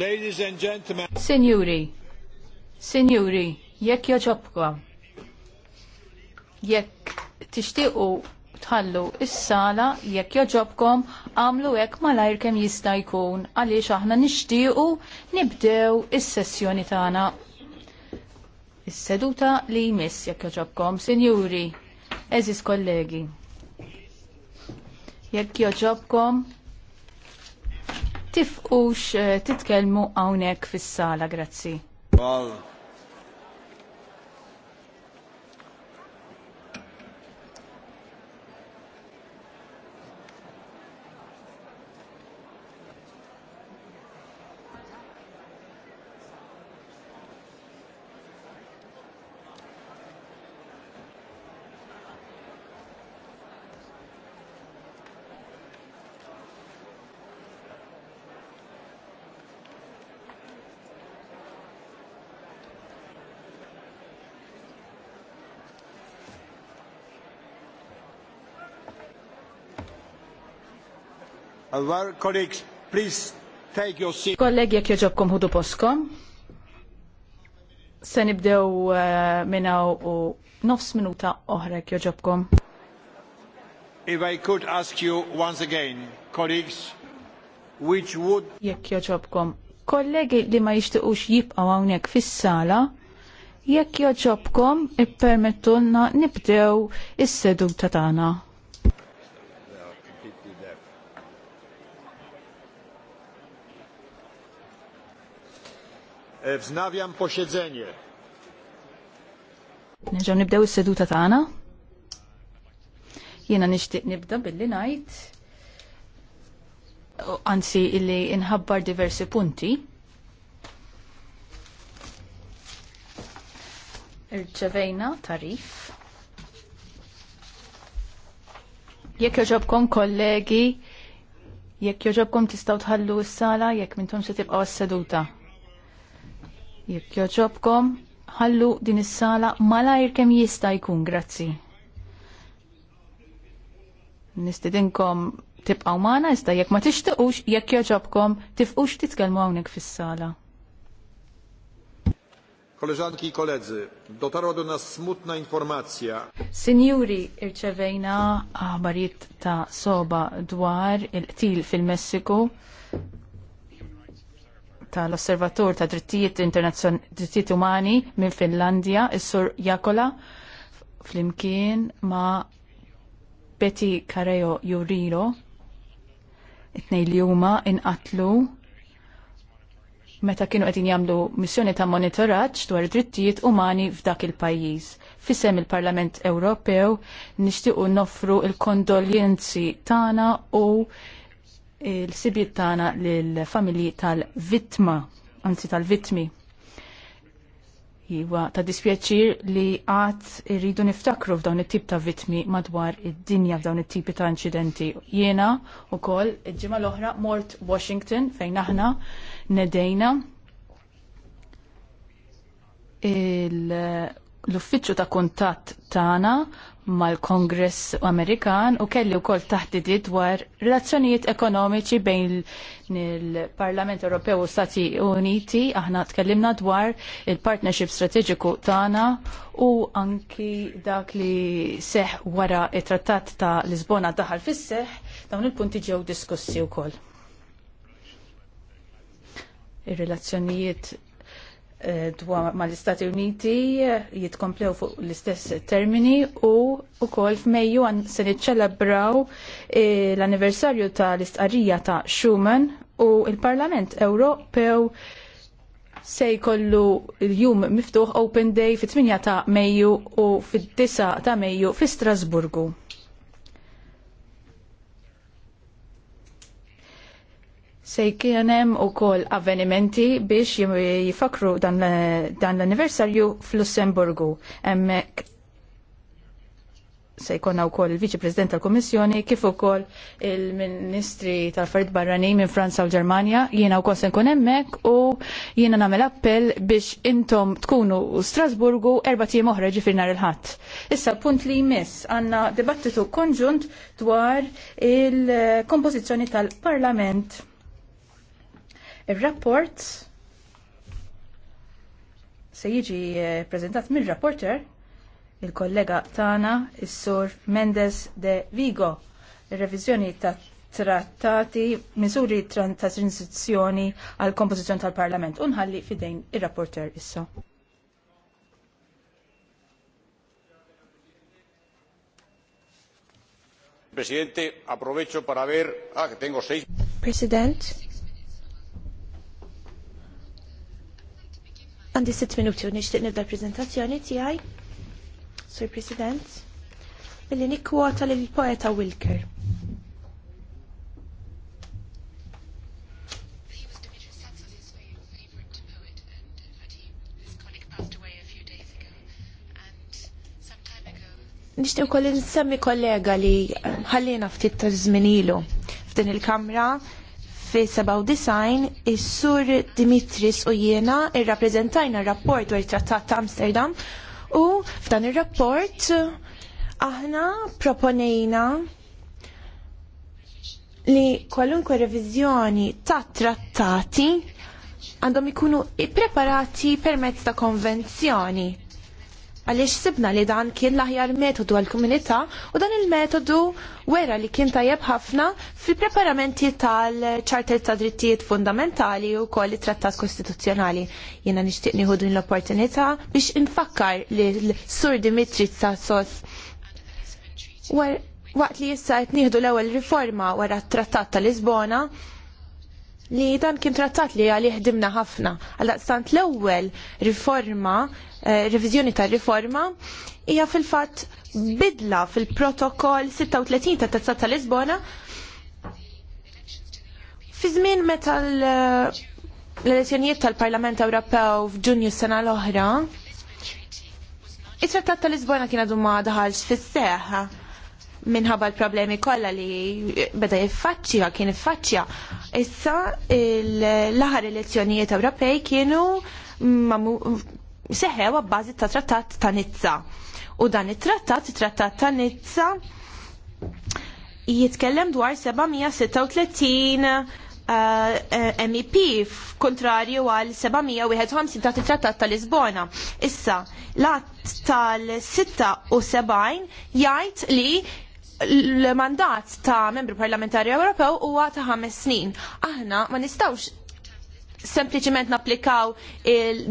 Ladies and gentlemen. Signori, signori, jekk joġobka, jekk tixtiequ tħallu is-sala jekk joġobkom għamlu hekk malajr kemm jista' jkun għaliex aħna nixtiequ nibdew is-sessjoni tagħna. Is-seduta li jmiss jekk joġobkom, sinjuri, eżis kollegi. Jekk joġobkom, tifqux eh, titkellmu hawnhekk fis-sala, grazzi. Kollegi, jek joġobkom hudu poskom. Se nibdew eh, minnaw u nofs minuta oħra jek joġobkom. If I could ask you once again, colleagues, which would... Jek joġobkom. Kollegi li ma jishtiqux jibqaw hawnhekk fis-sala, jekk joġobkom ippermettunna nibdew is-seduta tagħna. Wznawiam posiedzenie. Nerġaw nibdew is-seduta tagħna. Jiena nixtieq nibda billi ngħid anzi illi inħabbar diversi punti. Irċevejna tarif. Jekk joġobkom kollegi, jekk joġobkom tistgħu tħallu s-sala jekk mintom se tibqgħu s-seduta. Jekk joġobkom, ħallu din is-sala malajr kemm jista' jkun, grazzi. Nistedinkom tibqgħu magħna iżda jekk ma tixtiqux, jekk joġobkom, tifqux titkellmu hawnhekk fis-sala. Koleżanki i koledzy, dotarła do nas smutna informacja. Sinjuri, irċevejna aħbarijiet ta' soba dwar il-qtil fil-Messiku tal-Osservatur ta' Drittijiet Drittijiet Umani minn Finlandja, is-Sur Jakola, flimkien ma' Betty Kareo Juriro, it-nej li huma inqatlu meta kienu qegħdin jagħmlu missjoni ta' monitoraġġ dwar drittijiet umani f'dak il-pajjiż. Fisem il-Parlament Ewropew nixtiequ noffru il-kondoljenzi tagħna u il-sibiet tagħna lill-familji tal-vittma, anzi tal-vittmi. Iwa ta' dispjaċir li għat irridu niftakru f'dawn it-tip ta' vittmi madwar id-dinja f'dawn it-tipi ta' incidenti. Jiena u koll il-ġimgħa l-oħra mort Washington fejn aħna nedejna il l-uffiċċju ta' kuntatt tagħna mal-Kongress Amerikan u kelli wkoll taħdidiet dwar relazzjonijiet ekonomiċi bejn il-Parlament Ewropew u Stati Uniti. Aħna tkellimna dwar il-partnership strateġiku tagħna u anki dak li seħ wara it-Trattat ta' Lisbona daħal fis-seħ dawn il-punti ġew diskussi wkoll ir-relazzjonijiet Eh, dwar mal-Istati Uniti eh, jitkomplew fuq l-istess termini u wkoll f'Mejju għan se iċċelebraw eh, l-anniversarju tal-istqarrija ta' Schumann u l parlament Ewropew se jkollu l-jum miftuħ Open Day fit-8 ta' Mejju u fit-9 ta' Mejju fi Strasburgu. Se kien hemm ukoll avvenimenti biex jifakru dan, l-anniversarju fl-Lussemburgu. Hemmhekk se jkollna wkoll il-Viċi President tal-Kummissjoni kif ukoll il-Ministri tal-Affarijiet Barranin minn Franza u Ġermanja. Jiena wkoll se nkun hemmhekk u jiena nagħmel appell biex intom tkunu Strasburgu erba' tiem oħra ġifier nhar il-ħadd. Issa punt li jmiss għandna dibattitu konġunt dwar il-kompożizzjoni tal-Parlament Il-rapport se jiġi eh, prezentat mill-rapporter il-kollega tana, il-sur Mendes de Vigo, il-revizjoni ta' trattati, miżuri ta' transizjoni għal kompożizzjoni tal-Parlament. Unħalli fidejn ir-rapporter issa. Presidente, aprovecho para ver... Ah, que tengo seis... President, Għandi sitt minuti u nixtieq nibda l-preżentazzjoni tiegħi. Sur President, billi nikkwota lill poeta Wilker. nishtiq kolli nsemmi kollega li ħallina ftit ta' zminilu f'din il-kamra fi 97 is-sur Dimitris u jiena irrappreżentajna r-rapport dwar it-Trattat ta' Amsterdam u f'dan ir-rapport aħna proponejna li kwalunkwe reviżjoni ta' trattati għandhom ikunu ippreparati permezz ta' konvenzjoni għaliex sibna li dan kien l-aħjar metodu għal komunita u dan il-metodu wera li kien tajjeb ħafna fil-preparamenti tal-ċarter ta' drittijiet fundamentali u koll trattat kostituzzjonali. Jena nishtiq nieħu din l-opportunità biex infakkar li l-Sur Dimitri Tsasos waqt li jissa qed l-ewwel riforma wara t-Trattat tal Lisbona li dan kien trattat li għalih Dimna ħafna. Għal stant l-ewwel riforma Eh, revizjoni tar-riforma hija fil-fatt bidla fil-protokoll 36 ta' Tazzat ta' Lisbona fi żmien meta eh, l-elezzjonijiet tal-Parlament Ewropew f'Ġunju s-sena l-oħra it-Trattat ta' Lisbona kien għadu ma daħalx fis-seħħa minħabba l-problemi kollha li beda jiffaċċja, kien jiffaċċja. Issa l-aħħar elezzjonijiet Ewropej kienu seħew għabbażi ta' trattat ta' Nizza. U dan it-trattat, it-trattat ta' Nizza, jitkellem dwar 736 MEP kontrarju għal 751 ta' trattat ta' lisbona Issa, l-att tal-76 jgħid li l-mandat ta' membru parlamentari Ewropew huwa ta' ħames snin. Aħna ma nistawx sempliciment naplikaw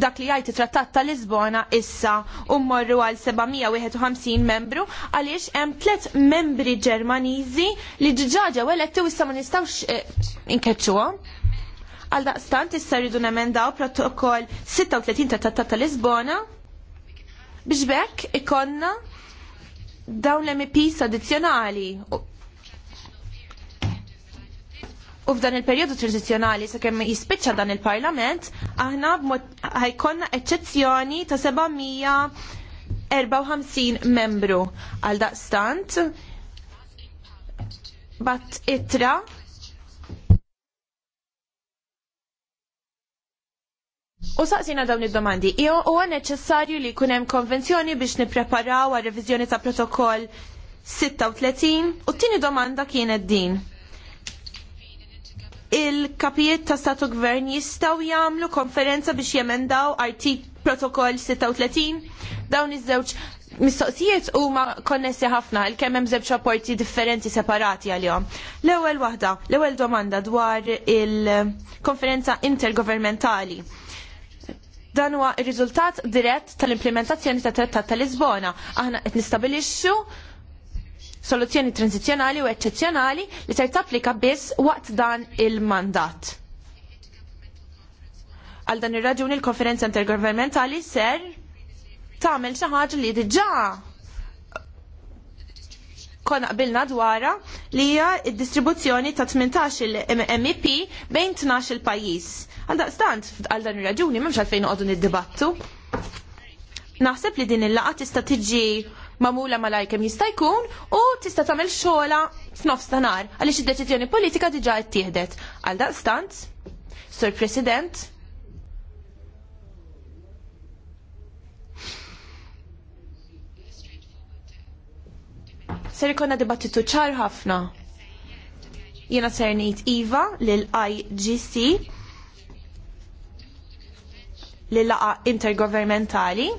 dak li jgħid trattat ta' Lisbona issa u mmorru għal 751 membru għaliex hemm tliet membri Ġermaniżi li ġiġaġa eletti u issa ma nistgħux eh, inkeċċuhom. Għal daqstant issa rridu nemendaw protokoll 36 ta' trattat ta' Lisbona biex bekk ikonna dawn l-MPs addizzjonali U f'dan il-perjodu tranzizjonali sakemm jispiċċa dan il-Parlament, aħna ħajkonna eċċezzjoni ta' 754 membru għal daqstant. Bat itra U saqsina dawn id-domandi. Jo huwa neċessarju li jkun hemm konvenzjoni biex nippreparaw għal reviżjoni ta' protokoll 36 u t-tieni domanda kienet din il-kapijiet ta' statu gvern jistaw jamlu konferenza biex jemendaw artik protokoll 36 dawn iż-żewġ mistoqsijiet huma konnessi ħafna il kemm hemm żewġ rapporti differenti separati għalihom. L-ewwel waħda, l-ewwel domanda dwar il-konferenza intergovernmentali. Dan huwa r-riżultat dirett tal-implementazzjoni ta' Trattat ta' Lisbona. Aħna qed nistabilixxu soluzzjoni transizjonali u eċċezzjonali li ser tapplika biss waqt dan il-mandat. Għal dan ir-raġuni l-konferenza intergovernmentali ser tagħmel xi ħaġa li diġà konna qbilna dwara li hija d-distribuzzjoni ta' 18 MEP bejn 12 il-pajjiż. Għaldaqstant, għal dan ir-raġuni m'hemmx għalfejn noqogħdu niddibattu. Naħseb li din il-laqgħa tista' tiġi mamula malaj kem jista' jkun u tista' tagħmel xogħla f'nofs ta' nar għaliex id-deċiżjoni politika diġà ttieħdet. Għal daqstant, Sur President, Ser ikonna dibattitu ċar ħafna. Jena ser ngħid Iva lill IGC lil laqa intergovernmentali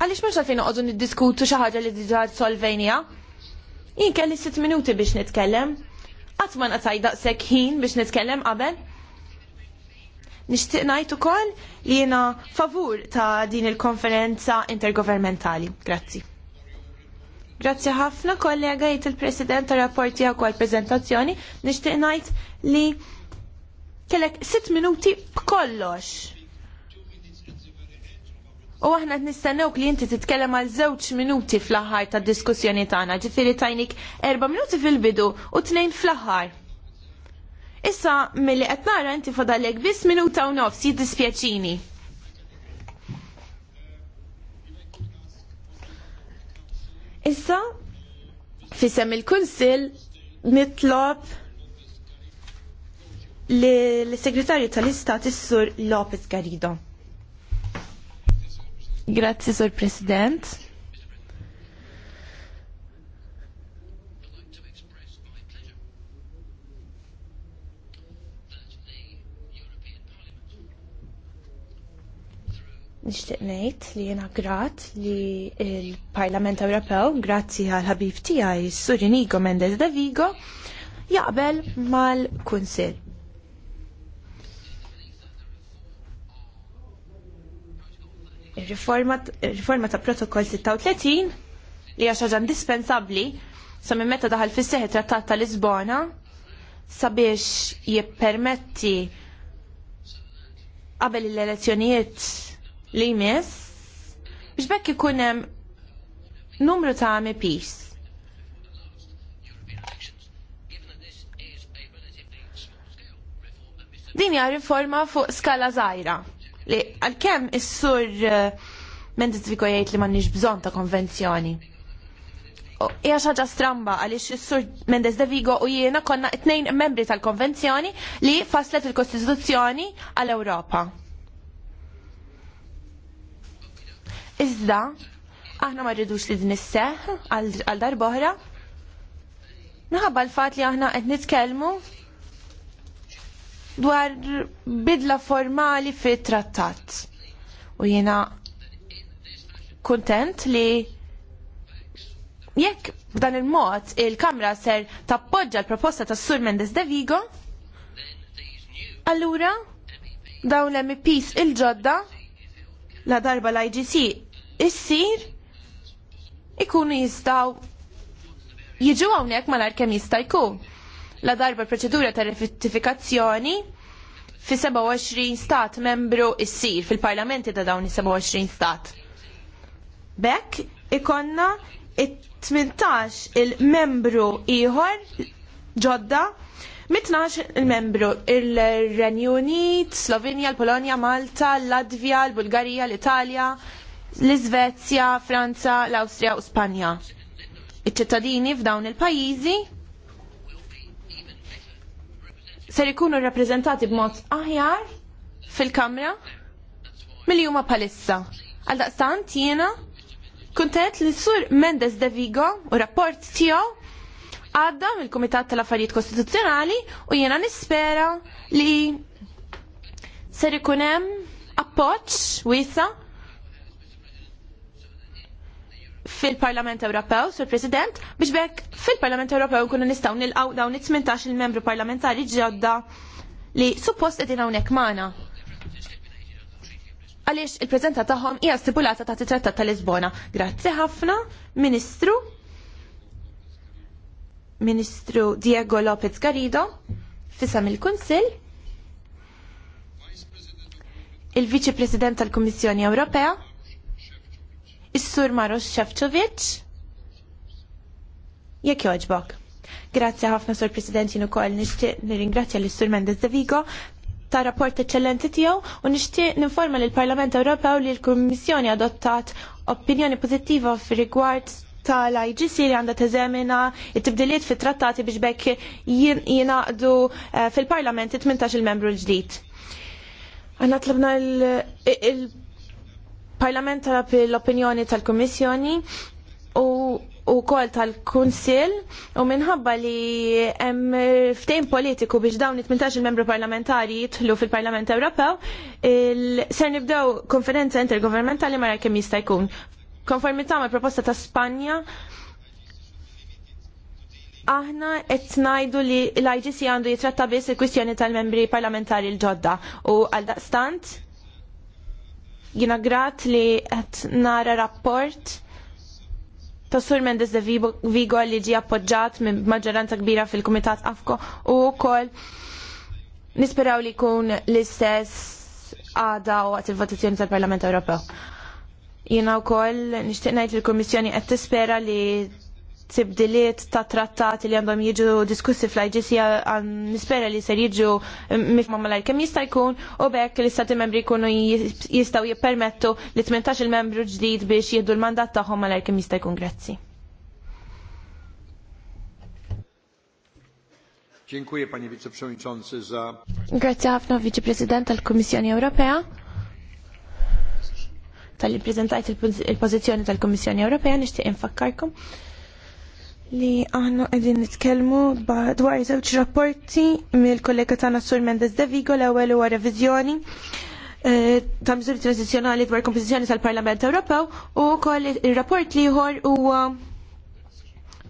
Għaliex mhux għalfejn noqogħdu niddiskutu xi ħaġa li diġà solvenja? Jien kelli sitt minuti biex nitkellem. Qatt ma nqataj daqshekk ħin biex nitkellem qabel. Nixtieq ngħid ukoll li jiena favur ta' din il-konferenza intergovernmentali. Grazzi. Grazzi ħafna kollega jgħid il-President ta' rapporti għak għal prezentazzjoni nixtieq ngħid li kellek sitt minuti b'kollox. U aħna nistennew li inti titkellem għal żewġ minuti fl-aħħar tad-diskussjoni tagħna, ġifieri tajnik erba' minuti fil-bidu u tnejn fl-aħħar. Issa milli qed nara inti fadalek biss minuta u nofs jiddispjaċini. Issa fisem il-Kunsill nitlob l-Segretarju tal-Istat is-Sur Lopez Garido. Grazzi, Sur President. Nixtieq ngħid li jiena grat li l parlament Ewropew, grazzi għal ħabib tiegħi Sur Inigo Mendez da Vigo, jaqbel mal-Kunsill. il-riforma ta' protokoll 36 li hija xaġa indispensabbli sa minn meta daħal fis seħi trattat ta' Lisbona sabiex jippermetti qabel l-elezzjonijiet li jmiss biex bekk ikun hemm numru ta' MPs. Din hija riforma fuq skala żgħira li għalkemm is-sur eh, Mendes viko jgħid li m'għandniex bżonn ta' konvenzjoni. Hija ħaġa stramba għaliex is-sur Mendes de Vigo u jiena konna t tnejn membri tal-konvenzjoni li faslet il-Kostituzzjoni għall-Ewropa. Iżda, aħna ma rridux li din isseħ għal darboħra. Naħabba l-fat li aħna qed nitkellmu dwar bidla formali fi trattat. U jena kontent li jekk dan il-mod il-Kamra ser tappoġġa l-proposta ta' Sur Mendes de Vigo, allura dawn l-MPs il-ġodda la darba l-IGC issir ikunu jistaw jiġu għawnek ma l jista' jkun la darba proċedura ta' rettifikazzjoni fi 27 stat membru issir fil-parlamenti ta' dawn 27 stat. Bekk ikonna it-18 il-membru ieħor ġodda 12 il-membru il-Renju Unit, Slovenja, l-Polonja, Malta, l il l-Bulgarija, l-Italja, l-Izvezja, Franza, l-Awstrija u Spanja. Iċ-ċittadini f'dawn il-pajjiżi ser ikunu rappresentati b'mod aħjar fil-kamra mill huma palissa. Għal daqstant jiena kuntet li sur Mendes de Vigo u rapport tiegħu għadda mill-Kumitat tal-Affarijiet Kostituzzjonali u jiena nispera li ser ikun hemm appoġġ wiesa' fil-Parlament Ewropew, sur President, biex bekk fil-Parlament Ewropew kunu nistaw nilqaw dawn it-18 il-membru parlamentari ġodda li suppost edin hawnhekk magħna. Għaliex il-preżenza tagħhom hija stipulata ta' trattat ta' Lisbona. Grazzi ħafna, Ministru. Ministru Diego Lopez Garrido, fisam il-Kunsill, il-Viċi President tal-Kummissjoni Ewropea, Is-Sur Maros Šefčovic? Jekk joġbok. Grazzi ħafna Sur President jien ukoll nixtieq nirringrazzja lis sur Mendes de Vigo ta' rapport eċċellenti tiegħu u nixtieq ninforma lill Parlament Ewropew li l-Kummissjoni adottat opinjoni pożittiva fir-rigward tal-IGC li għandha teżemina it-tibdiliet fit-trattati biex bekk jinaqdu eh, fil-Parlament 18 il-membru l-ġdid. Għanna tlabna il- parlament talab l-opinjoni tal-Kummissjoni u u kol tal-Kunsil u minħabba li hemm ftejn politiku biex dawn 18 membru parlamentari jitħlu fil-Parlament Ewropew, ser nibdew konferenza intergovernmentali mara kemm jista' jkun. Konformità ma' proposta ta' Spanja, aħna qed ngħidu li l-IGC għandu jitratta biss il-kwistjoni tal-membri parlamentari l-ġodda u għal daqstant Jina grat li qed nara rapport ta' Sur Mendes de Vigo li ġie appoġġjat minn maġġoranza kbira fil-Kumitat Afko u wkoll nisperaw li jkun l-istess għada waqt il-votazzjoni tal-Parlament Ewropew. Jina wkoll nixtieq ngħid il-Kummissjoni qed tispera li tibdiliet ta' trattati li għandhom jiġu diskussi fl-IGC għan nispera li ser jiġu mifma malajr kem jista' jkun u bekk li stati membri jkunu jistaw jippermettu li 18 il-membru ġdid biex jiddu l-mandat tagħhom malajr kem jista' jkun grazzi. Dziękuję panie wiceprzewodniczący za Grazie ħafna wiceprezydent prezydent tal-Kummissjoni Ewropea tal-li prezentajt il-pożizzjoni tal komisjoni Ewropea nixtieq infakkarkom li aħna qegħdin nitkellmu dwar żewġ rapporti mill-kollega tagħna Sur Mendes de Vigo l-ewwel huwa reviżjoni eh, ta' miżuri transizjonali dwar kompożizzjoni tal-Parlament Ewropew u wkoll ir-rapport li ieħor huwa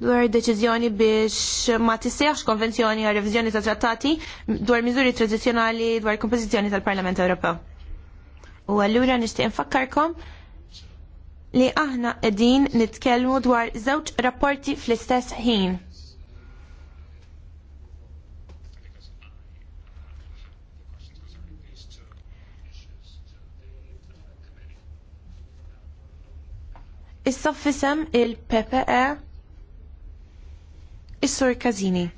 dwar deċiżjoni biex ma tissejħx konvenzjoni għal reviżjoni ta' trattati dwar miżuri transizjonali dwar kompożizzjoni tal-Parlament Ewropew. U allura nixtieq infakkarkom li aħna qegħdin nitkellmu dwar żewġ rapporti fl-istess ħin. Issa soffisem il-PPE is-Sur Kazini.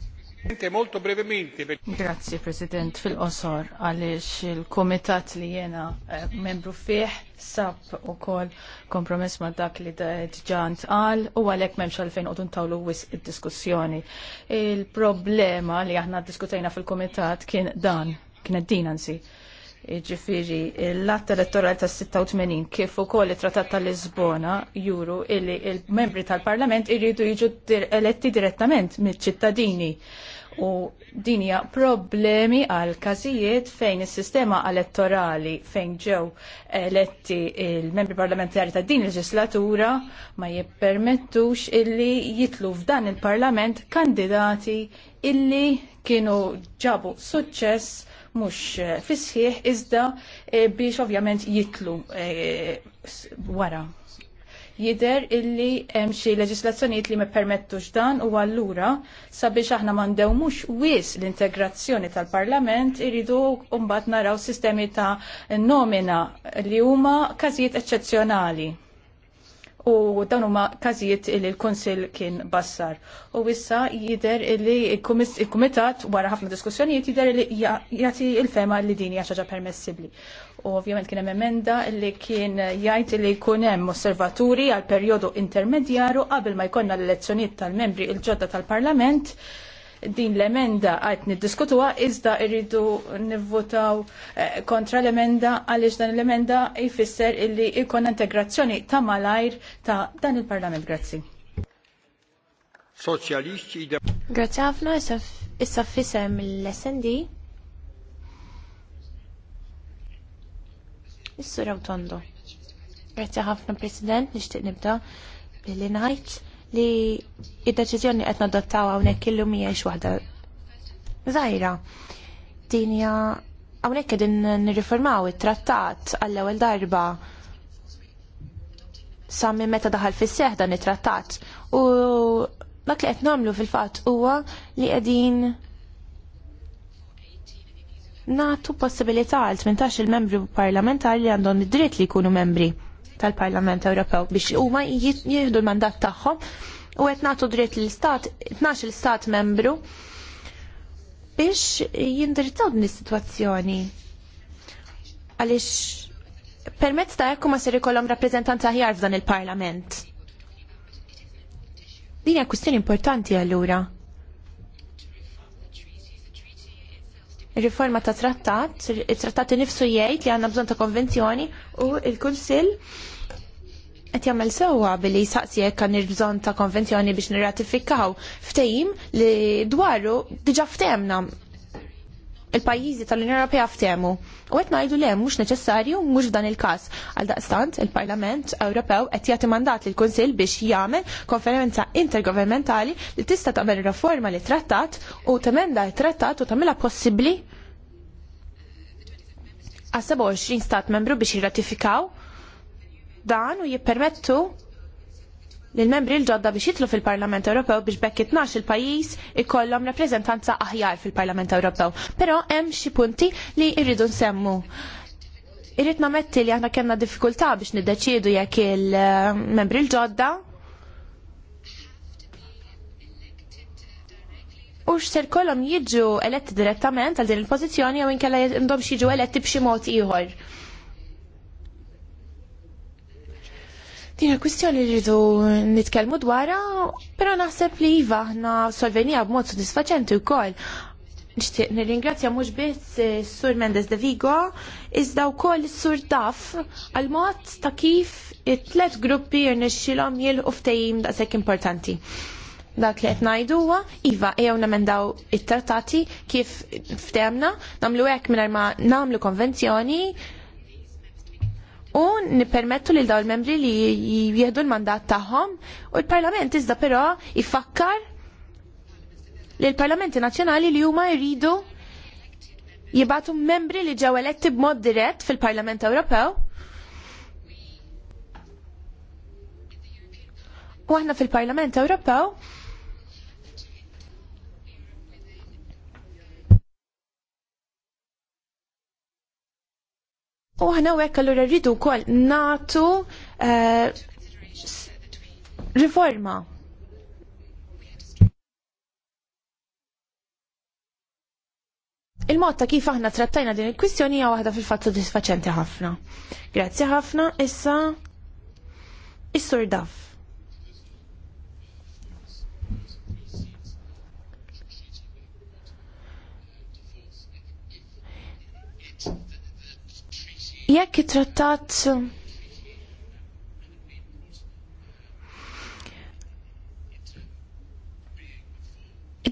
Grazie President fil-qosor għaliex il-komitat li jena eh, membru fih sab u kol kompromess ma dak li ġant għal u għalek memx għalfejn u tuntawlu wis il-diskussjoni. Il-problema li aħna diskutajna fil-komitat kien dan, kien din anzi. Ġifiri, l-att elettorali tas-86 kif ukoll it-Trattat tal-Lisbona juru illi il-membri tal-Parlament irridu jiġu eletti direttament mill-ċittadini. U din hija problemi għal każijiet fejn is-sistema elettorali fejn ġew eletti il-membri parlamentari ta' din il-leġislatura ma jippermettux illi jitlu f'dan il-Parlament kandidati illi kienu ġabu suċċess mhux eh, fisħieħ iżda eh, biex ovvjament jitlu eh, wara. Jider illi hemm xi leġislazzjonijiet li mippermettux dan u allura sabiex aħna mux wis l-integrazzjoni tal-Parlament iridu mbagħad naraw sistemi ta' nomina li huma każijiet eċċezzjonali u dan huma każijiet li l-Kunsill kien bassar. U issa jidher li l-Kumitat wara ħafna diskussjonijiet jidher li jagħti l-fema li din hija ħaġa permessibbli. U ovvjament kien hemm emenda li kien jgħid li jkun hemm osservaturi għal perjodu intermedjaru qabel ma jkollna l-elezzjonijiet tal-membri il-ġodda tal-Parlament. il ġodda tal parlament din l-emenda għajt niddiskutuha iżda irridu nivvotaw eh, kontra l-emenda għaliex dan l-emenda jfisser illi ikon integrazzjoni ta' malajr ta' dan il-Parlament. Grazzi. Soċjalisti Grazzi ħafna issa fissem l-SND. Issa sur Grazzi ħafna President, nixtieq nibda billi ngħid li id-deċiżjoni qed nadottaw hawnhekk mija mhijiex waħda żgħira. Din hija hawnhekk qegħdin nirriformaw it-trattat għall-ewwel darba sa minn meta daħal fis-seħ dan it-trattat u dak li qed nagħmlu fil-fatt huwa li qegħdin natu possibilità għal 18 il-membri parlamentari li għandhom id-dritt li jkunu membri tal-Parlament Ewropew biex huma jieħdu l-mandat tagħhom u qed nagħtu dritt l-istat 12 l-istat membru biex jindirizzaw din is-sitwazzjoni. Għaliex permezz ta' hekk ma ser ikollhom rappreżentanza aħjar f'dan il-Parlament. Din hija kwistjoni importanti allura. riforma ta' trattat, il-trattat nifsu jgħid li għanna bżon ta' konvenzjoni u il-Kunsill qed jagħmel sewwa billi saqsi jekk kan bżonn ta' konvenzjoni biex nirratifikaw ftehim li dwaru diġà ftemna il-pajjiżi tal-Unjoni Ewropea ftehmu. U qed ngħidu le mhux neċessarju mhux f'dan il-każ. Għal daqstant il-Parlament Ewropew qed jagħti mandat lill kunsill biex jagħmel konferenza intergovernmentali li tista' tagħmel riforma li trattat u temenda trattat u tagħmilha possibbli għas 27 stat membru biex jirratifikaw dan u jippermettu lill-membri l-ġodda biex jitlu fil-Parlament Ewropew biex bekk itnax il-pajjiż ikollhom rappreżentanza aħjar fil-Parlament Ewropew. Però hemm xi punti li rridu nsemmu. Irrid nametti li aħna kellna diffikultà biex niddeċiedu jekk il-membri l-ġodda u x'ser kollhom jiġu eletti direttament għal din il-pożizzjoni jew inkella għandhom jiġu eletti b'xi mod ieħor Dina kwistjoni li rridu nitkellmu dwarha, però naħseb li iva aħna solvenija b'mod sodisfaċenti wkoll. Nixtieq nirringrazzja mhux biss eh, sur Mendes de Vigo, iżda wkoll is-sur Taf għal mod ta' kif it-tlet gruppi jirnexxilhom jilqu ftehim daqshekk importanti dak li qed ngħiduha iva ejjew nemendaw it-trattati kif ftemna nagħmlu hekk mingħajr ma nagħmlu konvenzjoni u nipermettu lil dawn il-membri li jieħdu l-mandat tagħhom u l-Parlament iżda però jfakkar li l-Parlamenti Nazzjonali li huma jridu jibatu membri li ġew eletti b'mod dirett fil-Parlament Ewropew. U aħna fil-Parlament Ewropew U ħna u għek allura rridu wkoll natu eh, riforma Il-mod ta' kif aħna trattajna din il-kwistjoni hija waħda fil-fatt sodisfaċenti ħafna. Grazzi ħafna, issa is-sur Daf. Jekk it-trattat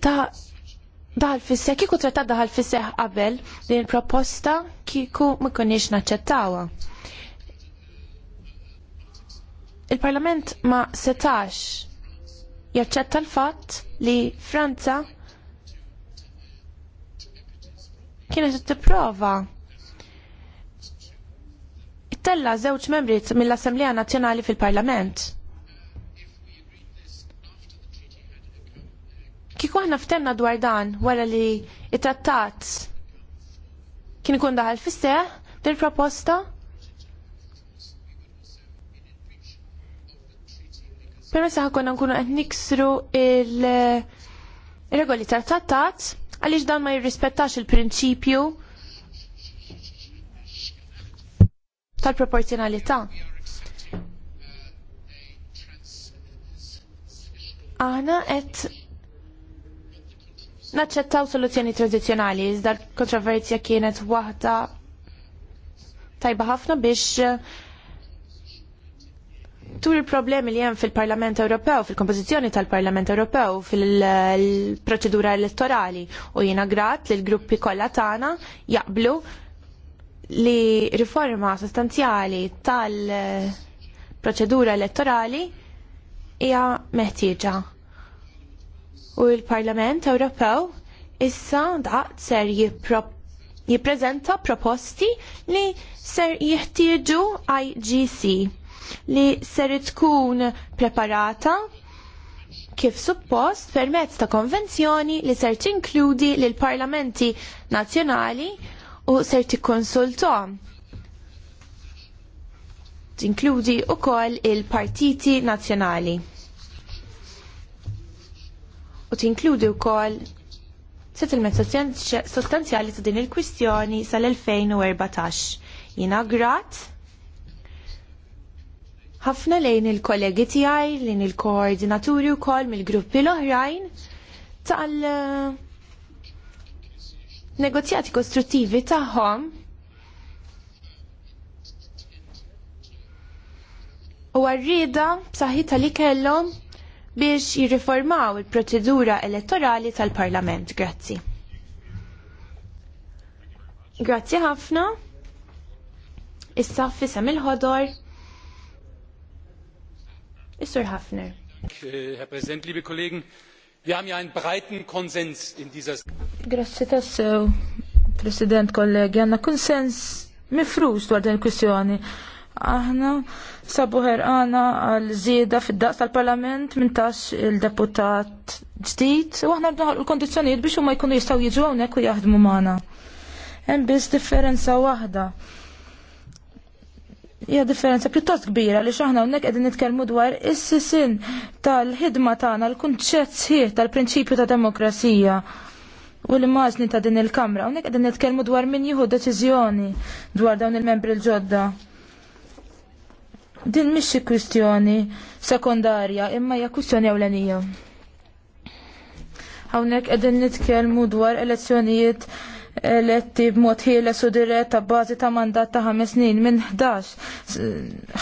daħal fisseħ, kiku trattat daħal fisseħ qabel din il-proposta kiku ma konniex naċċettawa. Il-Parlament ma setax jaċċetta l-fatt li Franza kienet tipprova prova tella żewġ membri mill-Assemblea Nazzjonali fil-Parlament. Kiku aħna ftemna dwar dan wara li it-trattat kien ikun daħal fisseħ din proposta Permessa konna nkunu qed niksru il-regoli tal-trattat għaliex dan ma jirrispettax il-prinċipju il prinċipju tal-proporzjonalità. Aħna qed naċċettaw soluzzjoni tradizjonali, iżda l-kontroversja kienet waħda tajba ħafna biex tur il-problemi li hemm fil-Parlament Ewropew, fil-kompożizzjoni tal-Parlament Ewropew, fil-proċedura elettorali u jiena grat li l-gruppi kollha tagħna jaqblu li riforma sostanzjali tal-proċedura elettorali hija meħtieġa. U l-Parlament Ewropew issa daqt ser jippreżenta proposti li ser jeħtieġu IGC li ser tkun preparata kif suppost permezz ta' konvenzjoni li ser tinkludi lill parlamenti nazzjonali u ser tikkonsultom. Tinkludi wkoll il-partiti nazzjonali. U tinkludi wkoll settlement sostanzjali ta' din il-kwistjoni sal-2014. Jina grat ħafna lejn il-kollegi tiegħi, lejn il-koordinaturi wkoll mill-gruppi l-oħrajn tal negozjati kostruttivi tagħhom u għarrida b'saħħitha li kellhom biex jirriformaw il-proċedura elettorali tal-Parlament. Grazzi. Grazzi ħafna. Issa fisem il-ħodor. Is-Sur Hafner. Herr Präsident, liebe Kollegen, Wir haben ja einen breiten Konsens in dieser Grazie tassew, President kollegi, għanna konsens mifrux dwar din il-kwistjoni. Aħna sabu ħerqana għal żieda fid-daqs tal-Parlament minn tax il-deputat ġdid u aħna rdaħol il-kondizzjonijiet biex huma jkunu jistgħu jiġu hawnhekk u jaħdmu magħna. Hemm biss differenza waħda Ja, differenza pjuttost kbira li xaħna hawnhekk qegħdin nitkellmu dwar is-sisin tal-ħidma tagħna l-kunċett sħiħ tal-prinċipju ta' demokrazija u l mażni ta' din il-kamra. Hawnhekk qegħdin nitkellmu dwar min jieħu deċiżjoni dwar dawn il-membri l-ġodda. Din mhix kwistjoni sekondarja imma hija kwistjoni ewlenija. Hawnhekk qegħdin nitkellmu dwar elezzjonijiet eletti b'mod ħieles u dirett ta' bażi ta' mandat ta' ħames snin minn 11.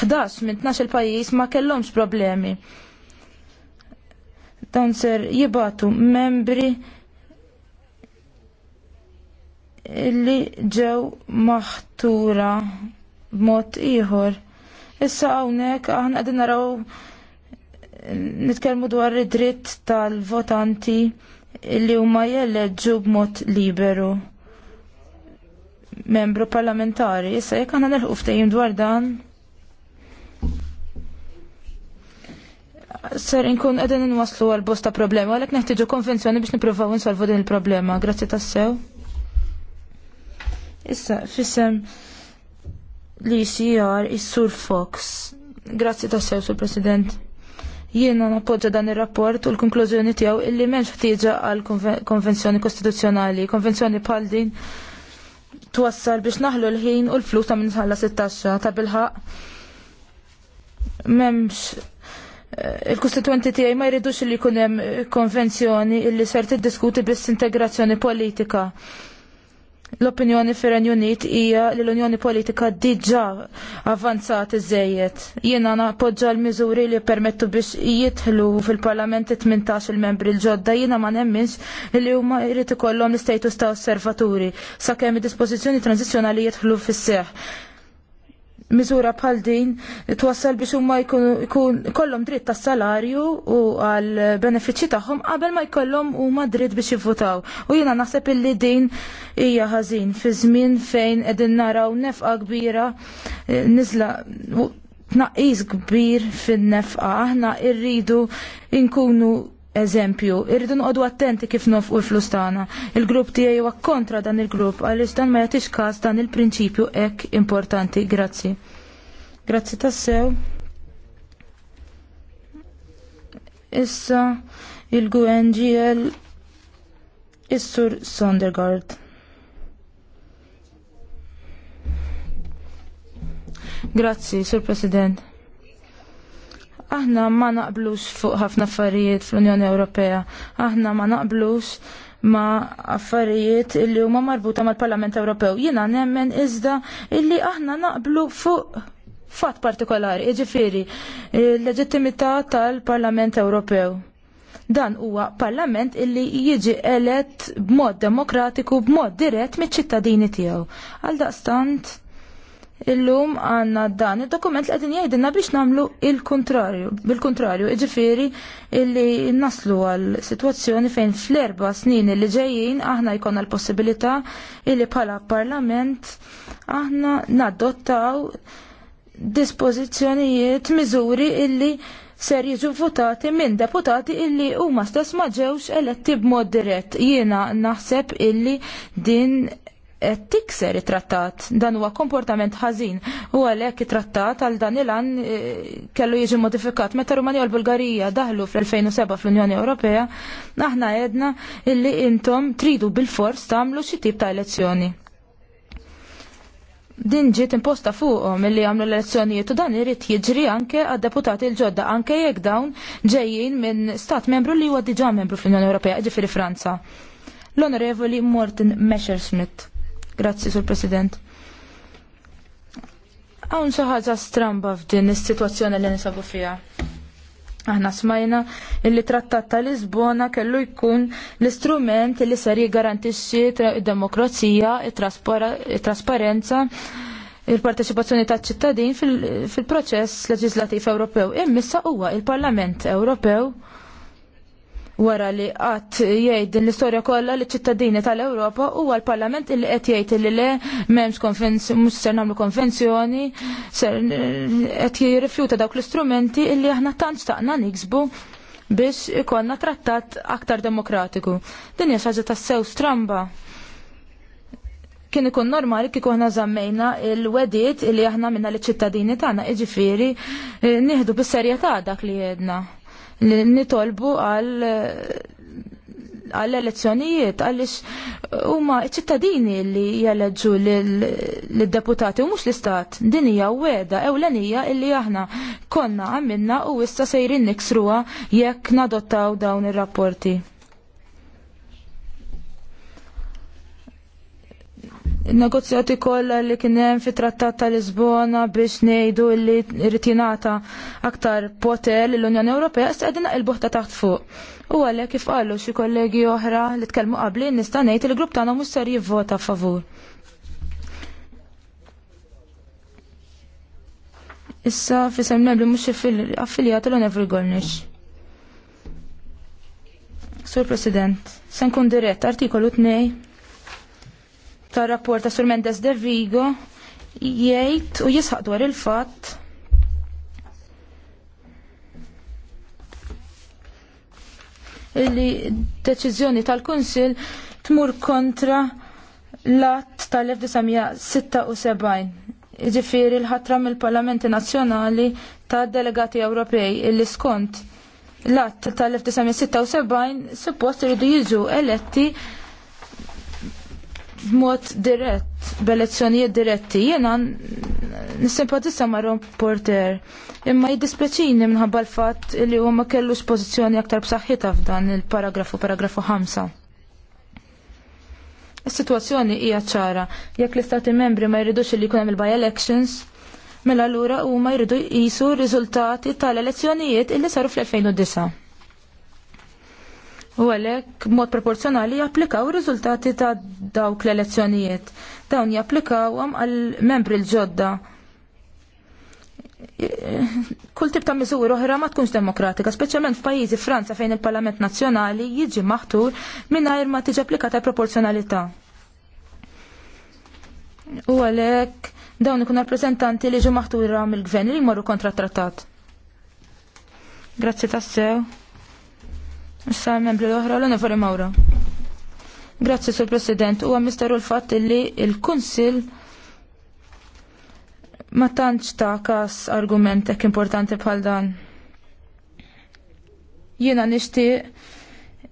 ħdax minn 12 il-pajjiż ma kellhomx problemi. Dan ser jibatu membri illi ġew maħtura b'mod ieħor. Issa hawnhekk aħna qegħdin naraw nitkellmu dwar id-dritt tal-votanti li huma jeleġġu b'mod liberu membru parlamentari. Issa jekk għandna nelħu ftejim dwar dan. Ser inkun qegħdin waslu għal bosta problema, għalhekk neħtieġu konvenzjoni biex nippruvaw insolvu din il-problema. Grazzi tassew. Issa fissem li jisijar is-Sur Fox. Grazzi tassew, Sur President. Jiena nappoġġa dan ir-rapport u l-konklużjoni tiegħu illi m'hemmx ħtieġa għal konvenzjoni kostituzzjonali. Konvenzjoni bħal din twassal biex naħlu l-ħin u l-flus ta' minn ħalla 16 ta' bilħaq. Memx eh, il kustituenti tiegħi ma jridux li jkun hemm konvenzjoni illi ser diskuti biss integrazzjoni politika. L-opinjoni fir-Renju Unit hija li l-Unjoni Politika diġà avanzat iżejjed. Jiena nappoġġa l-miżuri li permettu biex jidħlu fil-Parlament 18 il-membri l-ġodda jiena ma nemminx li huma jrid ikollhom l-istatus ta' osservaturi sakemm id-dispożizzjoni tranzizzjonali jidħlu fis-seħħ miżura bħal din twassal biex huma jkun kollhom dritt tas salarju u għal benefiċċji tagħhom qabel ma jkollhom huma dritt biex jivvutaw. U jiena naħseb illi din hija ħażin fi żmien fejn qegħdin naraw nefqa kbira e, niżla tnaqqis kbir fin-nefqa aħna rridu nkunu eżempju, irridu nqodu attenti kif nofqu l-flus tagħna. Il-grupp tiegħi huwa kontra dan il-grupp għaliex dan ma jagħtix każ dan il-prinċipju hekk importanti. Grazzi. Grazzi tassew. Issa il-GUNGL Is-Sur Sondergaard. Grazzi, Sur President. Aħna ma naqblux fuq ħafna affarijiet fl-Unjoni Ewropea. Aħna ma naqblux ma affarijiet illi huma marbuta mal-Parlament Ewropew. Jiena nemmen iżda illi aħna naqblu fuq fatt partikolari, jiġifieri l-leġittimità tal-Parlament Ewropew. Dan huwa parlament illi jiġi elett b'mod demokratiku, b'mod dirett miċ-ċittadini tiegħu. Għal daqstant, Illum għanna dan il-dokument li għedin jgħidinna biex namlu il-kontrarju, bil-kontrarju, iġifiri illi naslu għal situazzjoni fejn fl-erba snin illi ġejjin aħna jkonna l-possibilità illi bħala parlament aħna nadottaw dispozizjonijiet miżuri illi ser jiġu votati minn deputati illi huma stess ma ġewx eletti b'mod dirett. Jiena naħseb illi din tikser it-trattat dan huwa komportament ħażin u għalhekk it-trattat għal dan il an eh, kellu jiġi modifikat meta Rumanija u l-Bulgarija daħlu fl-2007 fl-Unjoni Ewropea aħna għedna illi intom tridu bil-fors tagħmlu xi tip ta' elezzjoni. Din ġiet imposta fuqhom illi għamlu l-elezzjonijiet u dan irid jiġri anke għad-deputati l-ġodda anke jekk dawn ġejjin minn stat membru li huwa diġà membru fl-Unjoni Ewropea, ġifieri Franza. L-Onorevoli Morten Messerschmidt. Grazzi, Sur President. Għawn xaħġa stramba f'din is-sitwazzjoni li nisabu fija. Aħna smajna illi trattat ta' Lisbona kellu jkun l-istrument li ser jgarantixxi id-demokrazija, it-trasparenza, il-parteċipazzjoni ta' ċittadin fil-proċess leġislattiv Ewropew. Immissa huwa il-Parlament Ewropew wara li qatt jgħid l-istorja kollha li ċittadini tal-Ewropa huwa l-Parlament illi qed jgħid li le m'hemmx mhux ser nagħmlu konvenzjoni, ser qed jirrifjuta dawk l-istrumenti illi aħna tant staqna niksbu biex ikonna trattat aktar demokratiku. Din hija xaġa tassew stramba kien ikun normali kieku ħna żammejna il-wediet li aħna minna li ċittadini tagħna, iġifieri eh, nieħdu bis-serjetà dak li jedna li nitolbu għal għall-elezzjonijiet għaliex huma ċittadini li jaleġu lid-deputati u mhux l-istat. Din hija weda ewlenija illi aħna konna għamilna u issa sejrin niksruha jekk nadottaw dawn ir-rapporti. negozjati kollha li kien hemm fit-Trattat tal Lisbona biex ngħidu li ritinata aktar poter lill unjoni Ewropea issa qegħdin il ta' taħt fuq. U għalhekk kif qalu xi kollegi oħra li tkellmu qabli nista' ngħid il-grupp tagħna mhux ser jivvota favur. Issa fi semmebli mhux affiljat l-Onever Gornish. Sur President, se nkun dirett artikolu 2 tar rapport ta' Sur Mendes de Vigo jgħid u jisħaq dwar il-fatt illi deċiżjoni tal-Kunsil tmur kontra l-att tal-1976. Ġifiri l-ħatra mill-Parlamenti Nazzjonali ta' Delegati Ewropej illi skont l-att tal-1976 suppost iridu jiġu eletti b'mod dirett, b'elezzjonijiet diretti, jena nisimpatissa ma' Ron Porter, imma jiddispeċini minħabba l-fat li huwa ma kellux pozizjoni aktar b'saħħita f'dan il-paragrafu, paragrafu 5. Is-sitwazzjoni hija ċara, jekk l-istati membri ma jridux li jkun hemm il-by elections, mela allura huma jridu jqisu r-riżultati tal-elezzjonijiet illi saru fl-2009. U għalhekk mod proporzjonali japplikaw riżultati ta' dawk l-elezzjonijiet. Dawn japplikaw għal membri l-ġodda kull tip ta' miżuri oħra ma tkunx demokratika, speċjalment f'pajjiżi Franza fejn il-Parlament Nazzjonali jiġi maħtur mingħajr ma tiġi applikata proporzjonalità. U għalhekk dawn ikun rappreżentanti li ġi maħtura mill-gvern li jmorru kontra trattat. Grazzi tassew. Issa membri l-oħra l-onorevoli Mawra. Grazie Sur President. Huwa misteru l-fatt li l-Kunsill ma tantx ta' kas argument hekk importanti bħal dan. Jiena nixtieq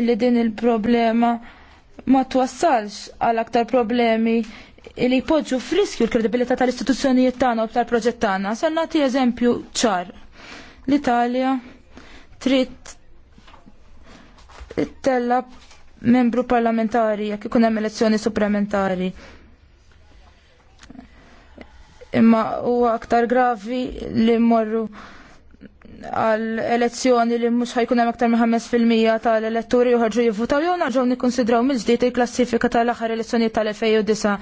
illi din il-problema ma twassalx għal aktar problemi li jpoġġu friskju l-kredibilità tal-istituzzjonijiet tagħna u tal-proġett tagħna. Se nagħti eżempju ċar. L-Italja trid it-tella membru parlamentari jekk ikun hemm elezzjoni supplementari. Imma huwa aktar gravi li mmorru għal elezzjoni li mhux ħajkun hemm aktar minn ħames fil-mija tal u ħarġu jivvutaw jew narġgħu nikkonsidraw mill-ġdid il-klassifika tal-aħħar elezzjoni tal-2009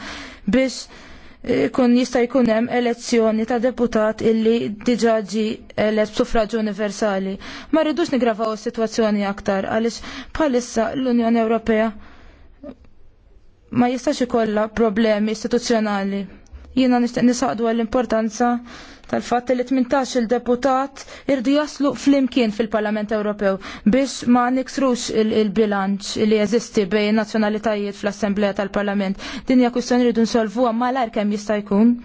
biex kun jista' jkun hemm elezzjoni ta' deputat illi diġà ġi elett universali. Ma rridux nigravaw is-sitwazzjoni aktar għaliex bħalissa l-Unjoni Ewropea ma jistax ikollha problemi istituzzjonali. Jiena nixtieq nisaqdu għall-importanza tal-fatt li 18 il-deputat irdu jaslu fl-imkien fil-Parlament Ewropew biex ma niksrux il-bilanċ li jeżisti bejn nazzjonalitajiet fl-Assembleja tal-Parlament. Din hija kwistjoni rridu nsolvuha l kemm jista' jkun.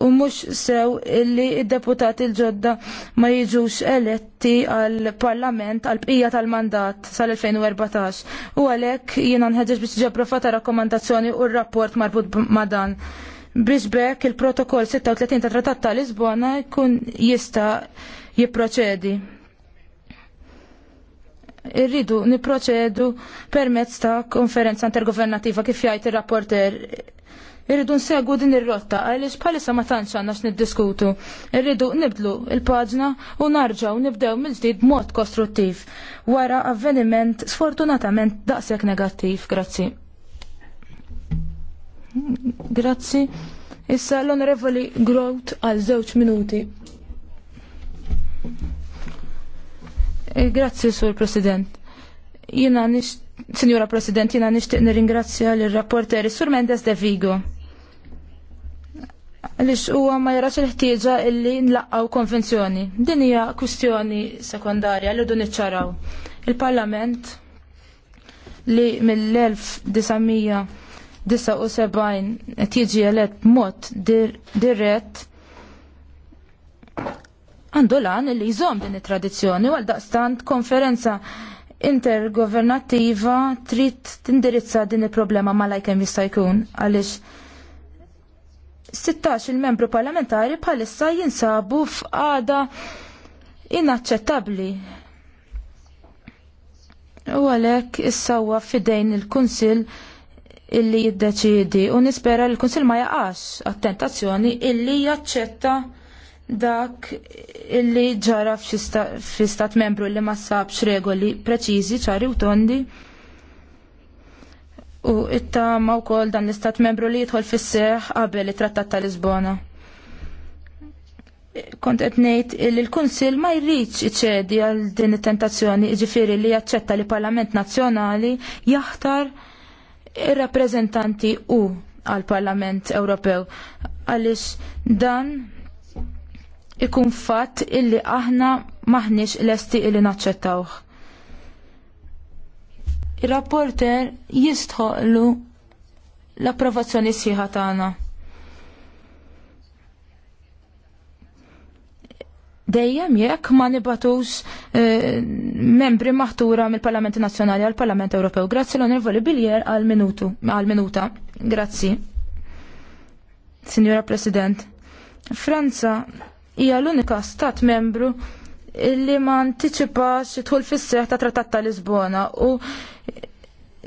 U mhux sew illi id-deputati il ġodda ma jiġux eletti għal-Parlament għal-bqija tal-mandat sal-2014. U għalhekk jiena nħeġġeġ biex ġeprofa ta' rakkomandazzjoni u r-rapport marbut ma' dan biex il-protokoll 36 ta' Trattat ta' Lisbona jkun jista' jipproċedi. Irridu niproċedu permezz ta' konferenza intergovernativa kif jgħid ir-rapporter irridu nsegu din ir-rotta għaliex bħalissa ma tantx għandna x'niddiskutu. Irridu nibdlu il-paġna u narġaw nibdew mill-ġdid mod kostruttiv wara avveniment sfortunatament daqshekk negattiv. Grazzi. Grazzi. Issa l-Onorevoli Grout għal żewġ minuti. Eh, grazzi, Sur President. Jina nix, Signora President, jina nixtieq nirringrazzja l rapporter Sur Mendes de Vigo. Lix huwa ma jarax il-ħtieġa illi nlaqgħu konvenzjoni. Din hija kwistjoni sekondarja li dun iċċaraw. Il-Parlament li mill-1900 79 qed jiġi elett b'mod dirett għandu lan li jżomm din it-tradizzjoni għal daqstant konferenza intergovernattiva trid tindirizza din il-problema malajkem jista' jkun għaliex 16 il-membru parlamentari bħalissa jinsabu f'għada inaċċettabbli. U għalhekk issawa fidejn il-Kunsill illi jiddeċidi u nispera li l-Kunsil ma jaqax għat-tentazzjoni illi jaċċetta dak illi ġara fi stat membru li ma sabx regoli preċiżi ċari u tondi u ittama u kol dan l-istat membru li jidħol fis seħ qabel it-trattat ta' Lisbona. Kont qed ngħid li l-Kunsil ma jridx iċedi għal din it-tentazzjoni, jiġifieri li jaċċetta li Parlament Nazzjonali jaħtar ir-rappreżentanti u għall parlament Ewropew għaliex dan ikun fatt illi aħna maħniex lesti illi naċċettawh. Ir-rapporter jistħoqlu l-approvazzjoni sħiħa tagħna. dejjem jekk ma nibatux eh, membri maħtura mill-Parlament Nazzjonali għal Parlament Ewropew. Grazzi l-Onorevoli Biljer għal minutu għal minuta. Grazzi. Signora President, Franza hija l-unika stat membru illi ma anticipax idħol fis-seħ ta' Trattat ta' Lisbona u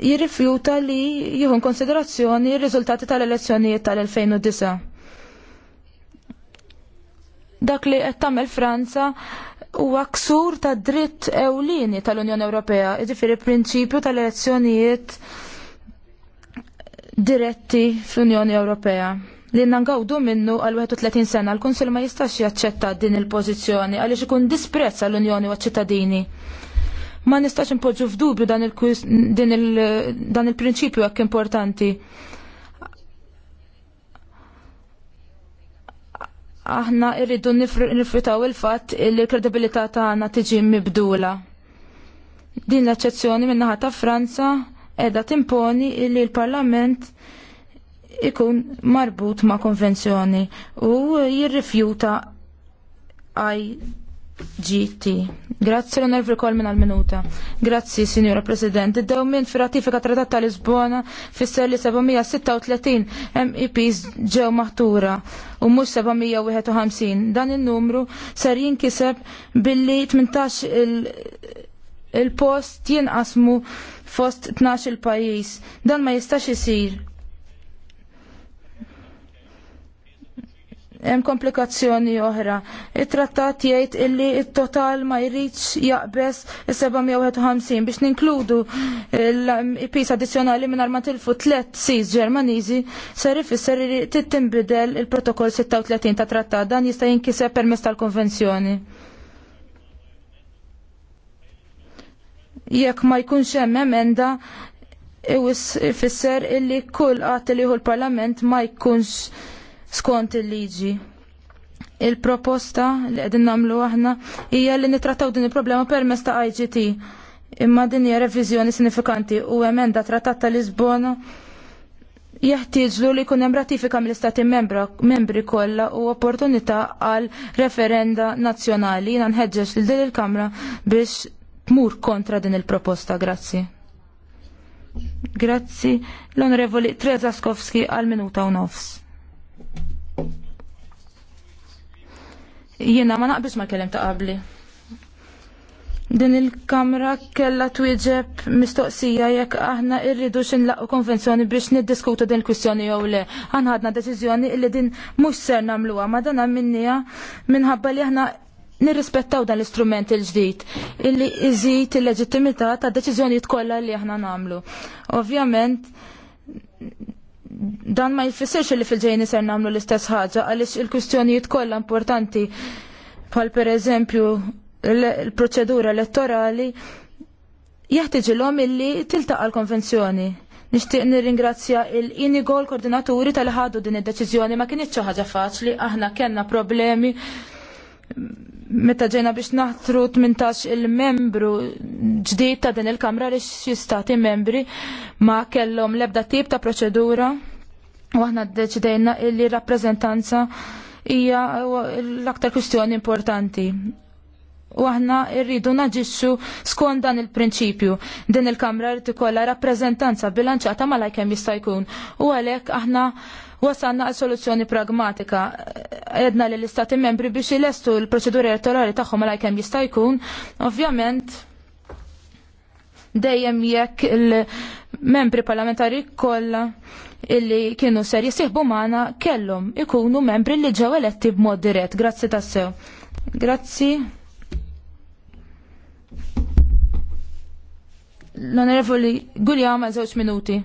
jirrifjuta li jieħu konsiderazzjoni r-riżultati tal-elezzjonijiet tal-2009 Dak li qed tagħmel Franza huwa ksur ta' dritt ewlieni tal-Unjoni Ewropea, jiġifieri prinċipju tal-elezzjonijiet diretti fl-Unjoni Ewropea li nangawdu minnu għal 31 sena l-Kunsil ma jistax jaċċetta din il-pożizzjoni għaliex ikun disprezz għall unjoni u ċittadini. Ma nistax impoġġu f'dubju dan il-prinċipju il hekk importanti. aħna irridu nifritaw il-fatt li l-kredibilità tagħna tiġi mibdula. Din l-eċċezzjoni min-naħa ta' Franza qiegħda timponi li l-Parlament ikun marbut ma' konvenzjoni u jirrifjuta għaj GT. Grazzi l'onorevole onorevoli Kolmin minuta. Grazzi, Signora President. Id-dewmin fi ratifika Tratat ta' Lisbona fisser li 736 MEPs ġew maħtura u mhux 751. Dan in-numru ser jinkiseb billi 18 il-post il jinqasmu fost 12 il-pajjiż. Dan ma jistax isir hemm komplikazzjoni oħra. It-trattat jgħid illi it-total ma jridx jaqbes 751 biex ninkludu l-pis addizzjonali minn ma tilfu tliet sis Ġermaniżi ser ifisser li tittinbidel il-protokoll 36 ta' trattat dan jista' jinkiseb permezz tal-konvenzjoni. Jekk ma jkunx hemm emenda iwis ifisser illi kull qatt li l-Parlament ma jkunx skont il-liġi. Il-proposta li qegħdin nagħmlu aħna hija li nitrattaw din il-problema permezz ta' IGT. Imma din hija reviżjoni sinifikanti u emenda trattat ta' Lisbona jeħtieġlu li jkun hemm ratifika mill-istati membri kollha u opportunità għal referenda nazzjonali. Jiena nħeġġeġ lil din il-Kamra biex tmur kontra din il-proposta. Grazzi. Grazzi l-Onorevoli Trezaskowski għal minuta u nofs. Jiena ma naqbis ma kellem ta' qabli. Din il-kamra kella twieġeb mistoqsija jekk aħna irridu xinlaqu konvenzjoni biex niddiskutu din il-kwistjoni jew le. ħadna deċiżjoni illi din mhux ser nagħmluha ma dan minnija minħabba li aħna nirrispettaw dan l-istrument il-ġdid illi iżid il-leġittimità ta' deċiżjonijiet kollha li aħna nagħmlu. Ovvjament dan ma jfissirx li fil-ġejni ser namlu l-istess ħaġa għaliex il-kwistjonijiet kollha importanti bħal pereżempju l-proċedura elettorali l-om illi tiltaqa' għal konvenzjoni Nixtieq nirringrazzja il-inigo l-koordinaturi tal-ħadu din id-deċiżjoni ma kienitx ħaġa faċli, aħna kellna problemi meta ġejna biex naħtru 18 il-membru ġdid ta' din il-Kamra li xi stati membri ma kellhom l-ebda tip ta' proċedura u aħna ddeċidejna li rappreżentanza hija l-aktar kwistjoni importanti. U aħna rridu naġixxu skont dan il-prinċipju. Din il-Kamra rrid ikollha rappreżentanza bilanċata malajkemm jista' jkun. U għalhekk aħna Wasanna għal soluzzjoni pragmatika. Edna li l-istati membri biex jilestu l-proċeduri elettorali tagħhom għal kemm jista' jkun, ovvjament dejjem jekk il-membri parlamentari kollha illi kienu ser jisihbu maħna kellhom ikunu membri li ġew eletti b'mod dirett. Grazzi tassew. Grazzi. L-onorevoli Guljama żewġ minuti.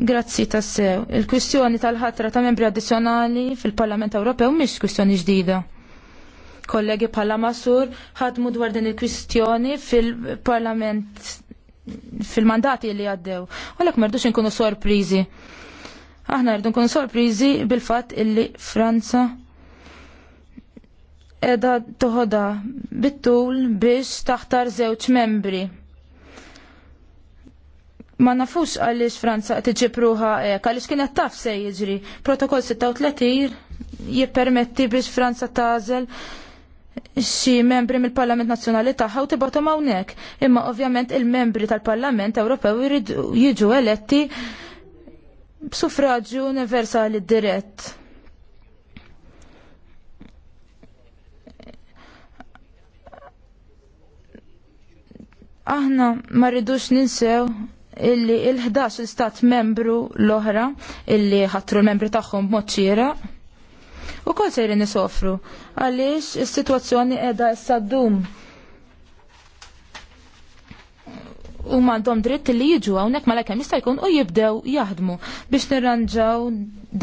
Grazzi tassew. Il-kwistjoni tal-ħatra ta' membri addizzjonali fil-Parlament Ewropew mhix kwistjoni ġdida. Kollegi bħala Masur ħadmu dwar din il-kwistjoni fil-Parlament fil-mandati li għaddew. Għalek merdux nkunu sorprizi. Aħna rridu nkunu sorprizi bil-fatt illi Franza edha toħoda bit-tul biex taħtar żewġ membri Ma nafux għaliex Franza tiġi pruħa ek, għalix kienet taf se jiġri. Protokoll 36 jippermetti biex Franza tażel xi membri mill-Parlament Nazzjonali tagħha u tibgħathom hawnhekk. Imma ovvjament il-membri tal-Parlament Ewropew jiġu eletti b'suffraġġju universali dirett. Aħna ma rridux ninsew illi il-11 stat membru l-oħra illi ħattru l-membri tagħhom b'mod xieraq. U kol sejri nisofru, għaliex is-sitwazzjoni qiegħda s ddum. U għandhom dritt li jiġu hawnhekk malkemm jista' jkun u jibdew jaħdmu biex nirranġaw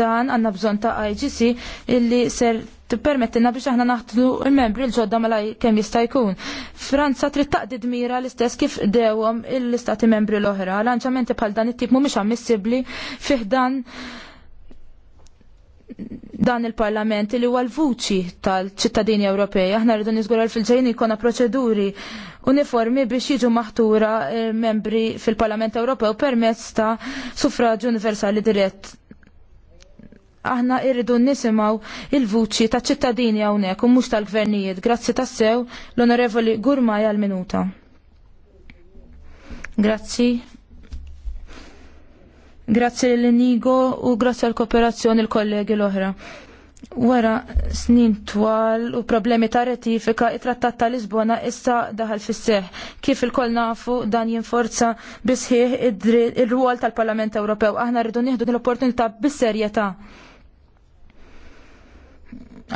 dan għandna bżonn ta' IGC illi ser tippermettilna biex aħna naħtlu il-membri l-ġodda mela kemm jista' jkun. Franza trid taqdid mira l-istess kif dewom l-istati membri l-oħra. Lanċamenti bħal dan it-tip mhumiex ammissibbli fih dan dan il-parlament li huwa l-vuċi tal-ċittadini Ewropej. Aħna rridu niżgurar fil-ġejn ikona proċeduri uniformi biex jiġu maħtura eh, membri fil-Parlament Ewropew permezz ta' suffraġġ universali dirett aħna irridu nisimaw il-vuċi ta' ċittadini hawnhekk u mhux tal-gvernijiet. Grazzi tassew l-Onorevoli Gurmaj għal-minuta. Grazzi. Grazzi l-Nigo u grazzi għal-kooperazzjoni l-kollegi l-oħra. Wara snin twal u problemi ta' retifika, it-trattat ta' Lisbona issa daħal fis Kif il-koll nafu dan jinforza bisħieħ ir ruol tal-Parlament Ewropew. Aħna rridu nieħdu l-opportunità bis-serjetà.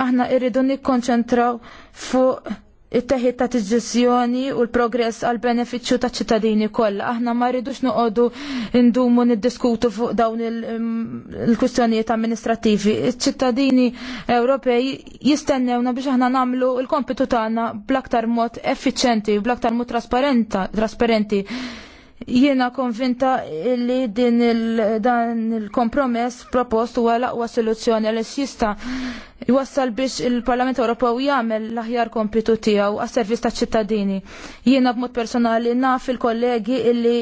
Aħna irridu nikkonċentraw fuq it-teħid ta' tiġessjoni u l-progress għal benefiċċju ta' ċittadini kollha. Aħna ma rridux noqogħdu indumu niddiskutu fuq dawn mm, il-kwistjonijiet amministrativi. Iċ-ċittadini Ewropej jistennewna biex aħna nagħmlu l-kompitu tagħna bl-aktar mod effiċjenti, bl-aktar mod trasparenti. Jiena konvinta li din il, dan il-kompromess propost huwa l-aqwa soluzzjoni għal jista' jwassal biex il-Parlament Ewropew jagħmel l-aħjar kompitu tiegħu għas-servizz taċ-ċittadini. Jiena b'mod personali naf il-kollegi li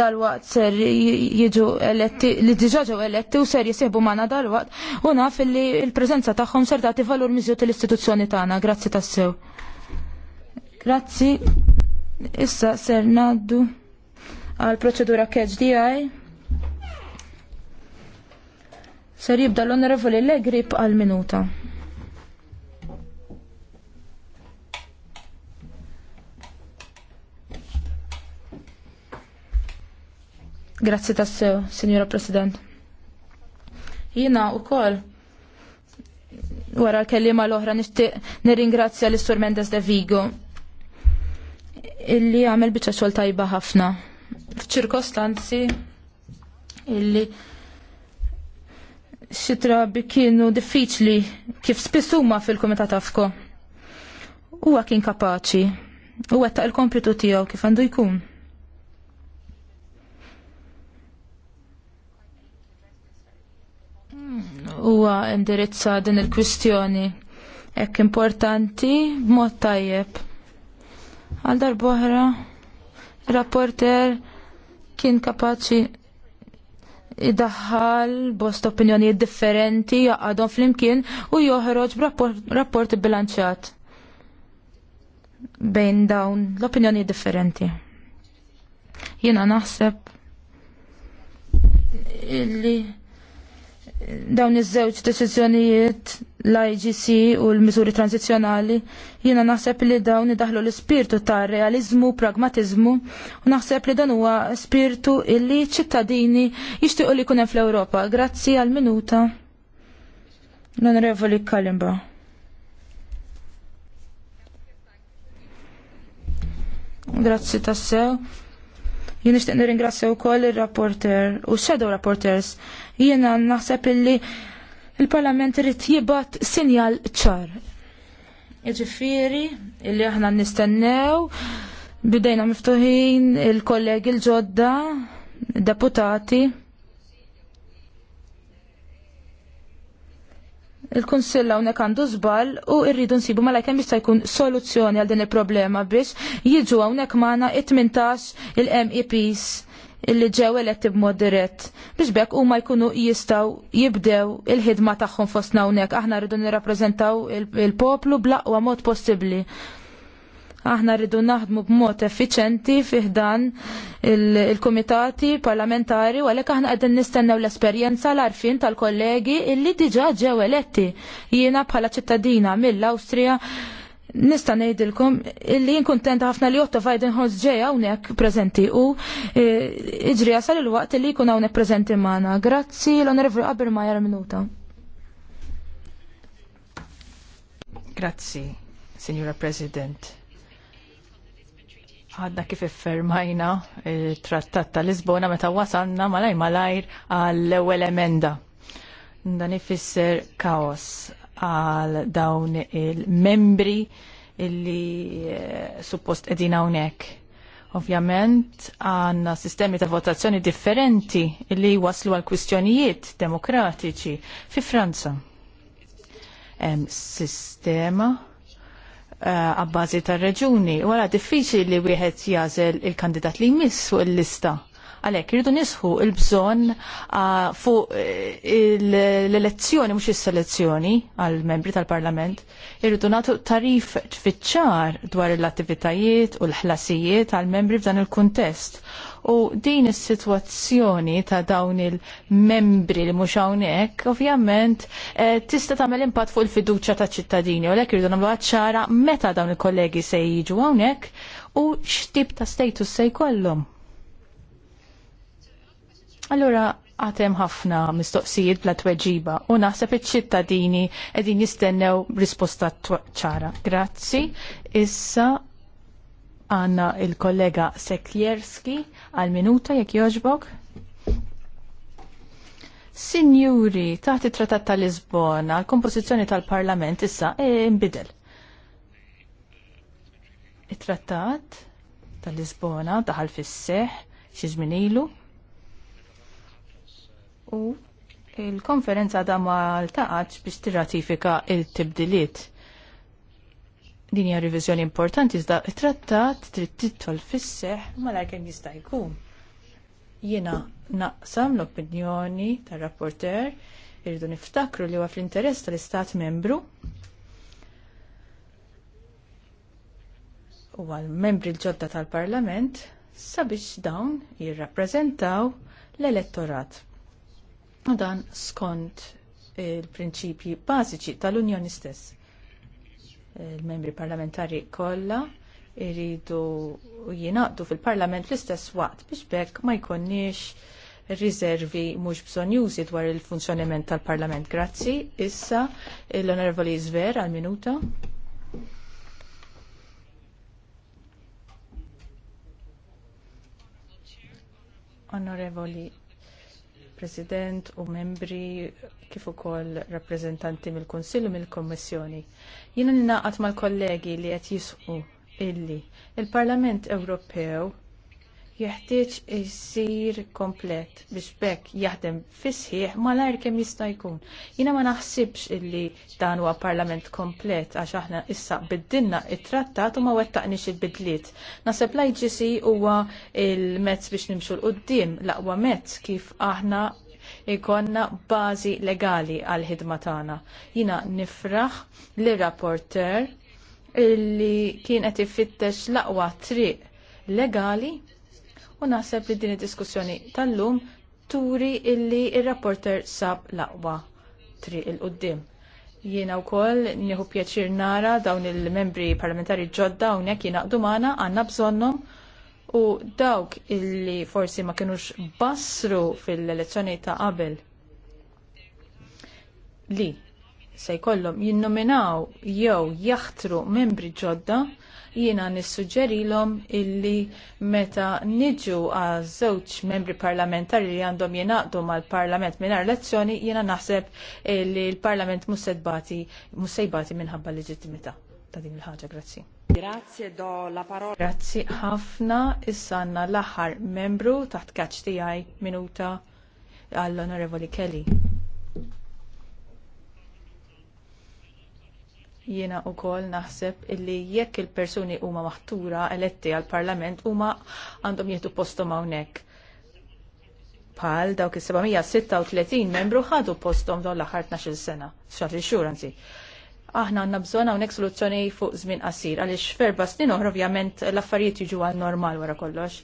dalwaqt ser jiġu eletti li diġà ġew eletti u ser jisibu magħna dalwaqt u naf li l-preżenza tagħhom ser tagħti valur miżjut l-istituzzjoni tagħna. Grazzi tassew. Grazzi. Issa ser naddu għal proċedura catch DI. Ser jibda l-onorevoli Legrip għal minuta. Grazzi tassew, Signora President. Jina u kol, wara l-kellima l-oħra nixtieq nirringrazzja l-Istur Mendes de Vigo illi għamel biċċa xogħol tajba ħafna f'ċirkostanzi illi xi bi kienu diffiċli kif spiss huma fil komitat Afko. Huwa kien kapaċi u wettaq il-kompitu tiegħu kif għandu jkun. Huwa indirizza din il-kwistjoni hekk importanti b'mod tajjeb. Għal darbohra, rapporter kien kapaċi idaħħal bost opinjonijiet differenti jaqadhom flimkien u joħroġ rapport bilanċjat bejn dawn l opinjoni differenti. Jiena naħseb illi dawn iż-żewġ deċiżjonijiet l-IGC u l-miżuri tranzizjonali, jiena naħseb li dawn idaħlu l-ispirtu ta' realizmu, pragmatizmu, u naħseb li dan huwa spirtu illi ċittadini jixtiequ li jkun hemm fl-Ewropa. Grazzi għal minuta. L-Onorevoli Kalimba. Grazzi tassew. Jien nixtieq nirringrazzja wkoll ir-rapporter u shadow rapporters. Jiena naħseb illi il-Parlament irid jibgħat sinjal ċar. Jiġifieri illi aħna nistennew bidejna miftuħin il-kollegi l-ġodda, deputati, il-Kunsill hawnhekk għandu żball u rridu nsibu ma lajkem jista' jkun soluzzjoni għal din il-problema biex jiġu hawnhekk maħna it-18 il-MEPs illi ġew eletti b'mod dirett biex bekk huma jkunu jistgħu jibdew il-ħidma tagħhom fostna hawnhekk aħna rridu nirrappreżentaw il-poplu blaqwa mod possibbli. Aħna rridu naħdmu b'mod effiċenti fiħdan il-komitati parlamentari u għalhekk aħna qegħdin nistennew l-esperjenza l-arfin tal-kollegi illi diġà ġew eletti. Jiena bħala ċittadina mill-Awstrija nista' ngħidilkom illi jien ħafna li Otto Weidenholz ġej hawnhekk preżenti u e, iġri jasal il-waqt li jkun hawnhekk preżenti magħna. Grazzi l-Onorevoli Qabel Majer minuta. Grazzi, Signora President għadna kif iffermajna il-trattat ta' Lisbona meta wasalna malaj malajr għall-ewwel emenda. Dan ifisser kaos għal dawn il-membri illi eh, suppost edin hawnhekk. Ovvjament għanna sistemi ta' votazzjoni differenti illi waslu għal kwistjonijiet demokratiċi fi Franza. Hemm sistema Eh, għabbażi uh, tar-reġuni. Wara diffiċli li wieħed jażel il-kandidat li jmiss fuq il-lista għalek rridu nisħu il-bżon ah, fuq eh, l-elezzjoni, mux il-selezzjoni għal-membri tal-parlament, irridu natu tarif fitċar dwar l-attivitajiet u l-ħlasijiet għal-membri f'dan il-kontest u din is-sitwazzjoni ta' dawn il-membri li mhux hawnhekk ovvjament eh, tista' tagħmel impatt fuq il-fiduċja taċ ċittadini u lek irridu nagħmlu ċara meta dawn il-kollegi se jiġu hawnhekk u x'tip ta' status se jkollhom. Allura, għatem ħafna mistoqsijiet bla tweġiba u naħseb iċ-ċittadini qegħdin jistennew risposta ċara. Grazzi. Issa għanna il-kollega Sekjerski għal-minuta jekk joġbok. Sinjuri, taħt it-Tratat tal-Lisbona, l-kompożizzjoni tal-Parlament issa e, imbidel. E it-Trattat tal-Lisbona daħal fis-seħ xi żmien ilu. U il-konferenza da ma biex tirratifika il-tibdiliet Din hija riviżjoni importanti iżda it-trattat trid titol fisseħ malajr kemm jista' jkun. Jiena naqsam l-opinjoni tar-rapporter irridu niftakru li huwa fl-interess tal-Istat membru u għal-membri l-ġodda tal-Parlament sabiex dawn jirrappreżentaw l-elettorat. U dan skont il-prinċipji bażiċi tal-Unjoni stess il-membri parlamentari kollha iridu jinaqdu fil-parlament fl-istess waqt biex bekk ma jkonniex riservi mhux jużi dwar il-funzjonament tal-Parlament. Grazzi. Issa l-Onorevoli Zver għal minuta. Onorevoli President u membri kif ukoll rappreżentanti mill-Kunsill u mill-Kommissjoni. Jiena ninaqat mal-kollegi li qed jisqu illi il-Parlament Ewropew jeħtieġ isir komplet biex bekk jaħdem fis-sħiħ malajr kemm jista' jkun. Jiena ma naħsibx illi dan huwa parlament komplet għax aħna issa biddinna it-trattat u ma wettaqniex il-bidliet. Naseb l-IGC huwa il-mezz biex nimxu l-qudiem, l-aqwa mezz kif aħna ikonna bażi legali għall ħidma tagħna. Jiena nifraħ li rapporter illi kien qed ifittex l-aqwa triq legali u naħseb li din id-diskussjoni tal-lum turi illi il-rapporter sab laqwa tri il-qoddim. Jiena wkoll nieħu pjaċir nara dawn il-membri parlamentari ġodda hawnhekk jingħaqdu magħna għandna bżonnhom u dawk illi forsi ma kinux basru fil-elezzjoni ta' qabel li se jkollhom jinnominaw jew jaħtru membri ġodda jiena nissuġġerilhom illi meta niġu għal żewġ membri parlamentari li għandhom jingħaqdu mal-Parlament mingħajr elezzjoni jiena naħseb li l-Parlament mhux mhux sejbati minħabba leġittimità ta' din il-ħaġa, grazzi. Grazie, do la parola. Grazzi ħafna, issa għandna l-aħħar membru taħt kaċ tiegħi minuta għall-Onorevoli Kelly. Jiena wkoll naħseb illi jekk il-persuni huma maħtura eletti għall parlament huma għandhom jieħdu posthom hawnhekk. Bħal dawk is-736 membru ħadu posthom dawn l-aħħar 12 sena, xahar xhur anzi. Aħna għandna bżonn hawnhekk soluzzjoni fuq żmien qasir għaliex ferba snin oħra ovvjament l-affarijiet jiġu għal normal wara kollox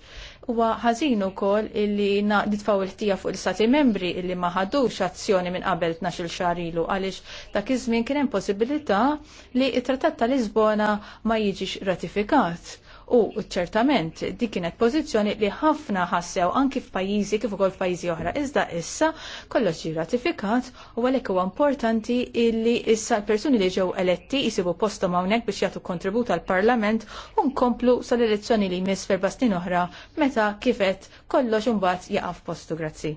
huwa ħażin ukoll illi nitfgħu l ħtija fuq l-istati membri illi ma ħadux azzjoni minn qabel 12 xahar ilu għaliex dak iż-żmien kien hemm possibilità li t trattat ta' Lisbona ma jiġix ratifikat. U ċertament dik kienet pożizzjoni li ħafna ħassew anki f'pajjiżi kif ukoll f'pajjiżi oħra. Iżda issa kollox ratifikat u għalhekk huwa importanti illi issa l-persuni li ġew eletti jsibu postom hawnhekk biex jagħtu kontribut għall parlament u nkomplu sal-elezzjoni li jmiss ferba' snin oħra meta kifet kollox imbagħad jaqaf postu Grazzi.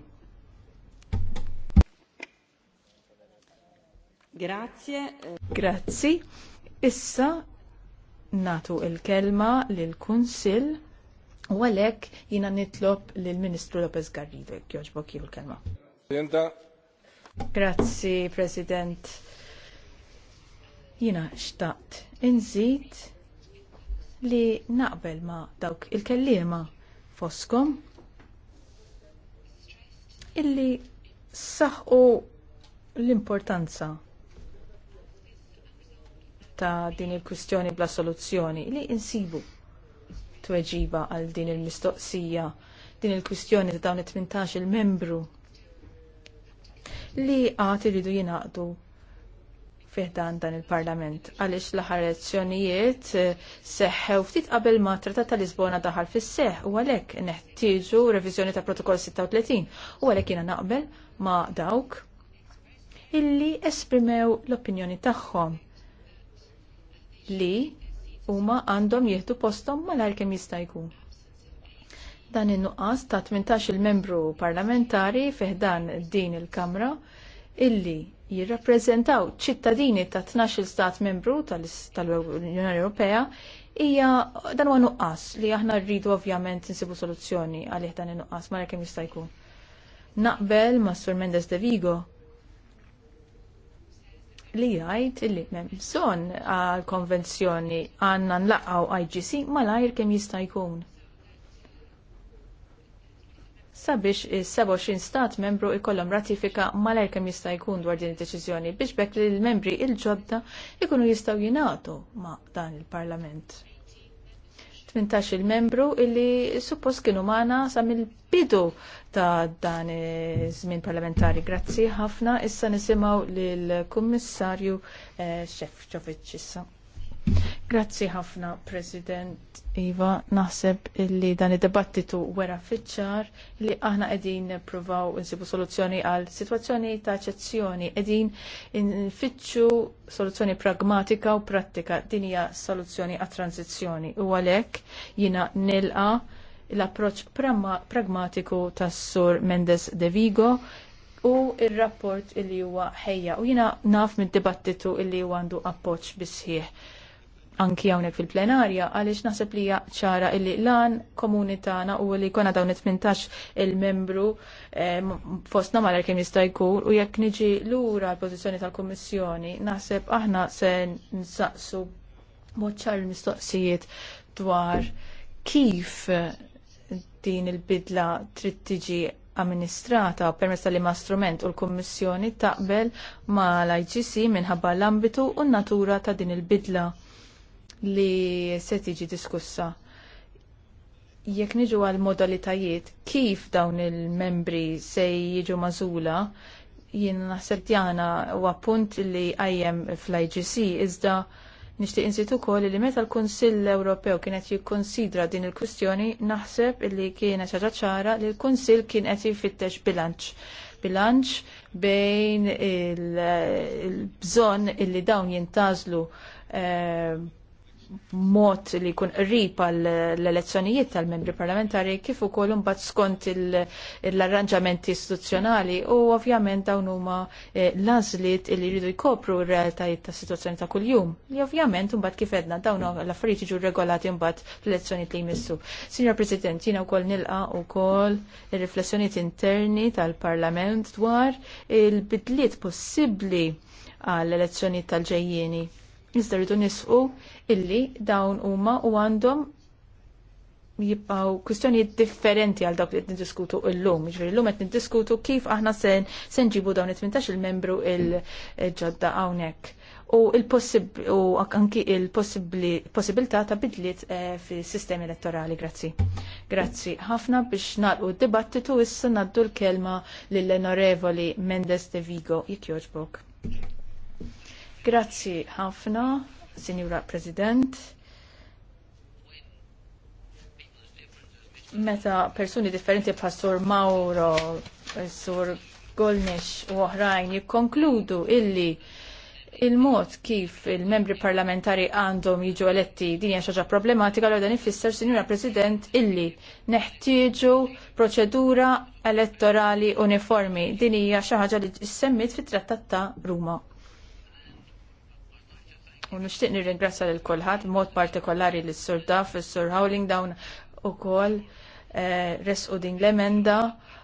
Grazie. Grazie. Issa natu il-kelma lill-Kunsill u għalhekk jiena nitlob lill-Ministru Lopez Garrido jogħġbok jieħu l-kelma. Presidenta. Grazzi, President. Jiena xtaqt inżid li naqbel ma dawk il-kellima foskom illi saħu l-importanza ta' din il-kwistjoni bla soluzzjoni li insibu tweġiba għal din il-mistoqsija din il-kwistjoni ta' dawn it-18 il-membru li għati iridu jinaqdu fiħdan dan il-parlament għaliex l-aħħar elezzjonijiet eh, seħħew ftit qabel ma Trattat ta' Lisbona daħal fis seħħ u għalhekk neħtieġu reviżjoni ta' protokoll 36 u għalhekk jiena naqbel ma' dawk illi esprimew l-opinjoni tagħhom li huma għandhom jieħdu posthom malajr kemm jista' jkun. Dan in-nuqqas ta' 18 il-membru parlamentari fiħdan din il-Kamra illi jirrappreżentaw ċittadini ta' 12 stat membru tal-Unjoni Ewropea hija dan huwa nuqqas li aħna rridu ovvjament insibu soluzzjoni għalih dan in-nuqqas malajr kemm jista' jkun. Naqbel ma' Sur Mendes de Vigo li jgħid illi hemm bżonn għal konvenzjoni għandna nlaqaw IGC malajr kemm jista' jkun. Sabiex is-27 stat membru jkollhom ratifika malajr kemm jista' jkun dwar din id-deċiżjoni biex bekk li l-membri il-ġodda jkunu jistgħu jingħatu ma' dan il-Parlament. 18 il-membru illi suppost kienu m'aħna sam il bidu ta' dan iż-żmien parlamentari. Grazzi ħafna, issa nisimgħu lill-Kummissarju Xefċovic eh, issa. Grazzi ħafna, President Iva. Naħseb illi dan id-debattitu wera fiċċar li aħna qegħdin nippruvaw insibu soluzzjoni għal situazzjoni ta' eċezzjoni. Qegħdin nfittxu soluzzjoni pragmatika u prattika din hija soluzzjoni għat tranzizzjoni. U għalhekk jiena nilqa l-approċċ pragmatiku tas-Sur Mendes de Vigo u il-rapport illi huwa ħejja u jina naf mid dibattitu illi huwa għandu appoġġ bisħieħ anki hawnhekk fil-plenarja għaliex naħseb li hija ċara illi lan komuni tagħna u li kona dawn 18 il-membru eh, fostna malar kien jista' jkun u jekk niġi lura l-pożizzjoni tal-Kummissjoni naħseb aħna se nsaqsu moċċar il-mistoqsijiet dwar kif din il-bidla trid tiġi amministrata permezz tal ma strument u l-Kummissjoni taqbel mal igc minħabba l-ambitu u n-natura ta' din il-bidla li se tiġi diskussa. Jekk niġu għal modalitajiet kif dawn il-membri se jiġu mażula, jien naħseb djana u appunt li għajjem fl-IGC iżda nixtieq insit ukoll li meta l-Kunsill Ewropew kien qed jikkonsidra din il-kwistjoni naħseb li kienet ħaġa ċara li l-Kunsill kien qed jifittex bilanċ bilanċ bejn il-bżonn il illi dawn jintażlu. eh, mod li jkun qrib l-elezzjonijiet tal-membri parlamentari kif ukoll imbagħad skont l-arranġamenti istituzzjonali u ovvjament dawn huma eh, l-għażliet li jridu jkopru r-realtajiet tas situazzjoni ta' kuljum. Li ovvjament imbagħad kif edna dawn l-affarijiet jiġu regolati mbagħad l-elezzjonijiet li jmissu. Signor President, jiena wkoll nilqa wkoll ir-riflessjonijiet interni tal-Parlament dwar il-bidliet possibbli għall elezzjonijiet tal-ġejjieni. Iżda rridu nisqu illi dawn huma u għandhom jibqaw kwistjonijiet differenti għal dawk li qed niddiskutu llum. Jiġifieri llum qed niddiskutu kif aħna se nġibu dawn it-18 il-membru il-ġodda hawnhekk. U u anki il-possibilità ta' bidliet eh, fis sistemi elettorali, grazzi. Grazzi ħafna biex nagħlqu d-dibattitu issa naddu l-kelma lill enorevoli Mendes de Vigo jekk jogħġbok. Grazzi ħafna, Sinjura President. Meta persuni differenti Pastor Sur Mauro, Sur Golnish u oħrajn jikkonkludu illi il-mod kif il-membri parlamentari għandhom jiġu eletti din hija xaġa problematika l dan ifisser Sinjura President illi neħtieġu proċedura elettorali uniformi. Din hija xi ħaġa li ssemmit fit-Trattat ta' Ruma. U nixtieq nirringrazzja lil kulħadd mod partikolari lis sur Duff, sur Howling dawn ukoll eh, resqu din l-emenda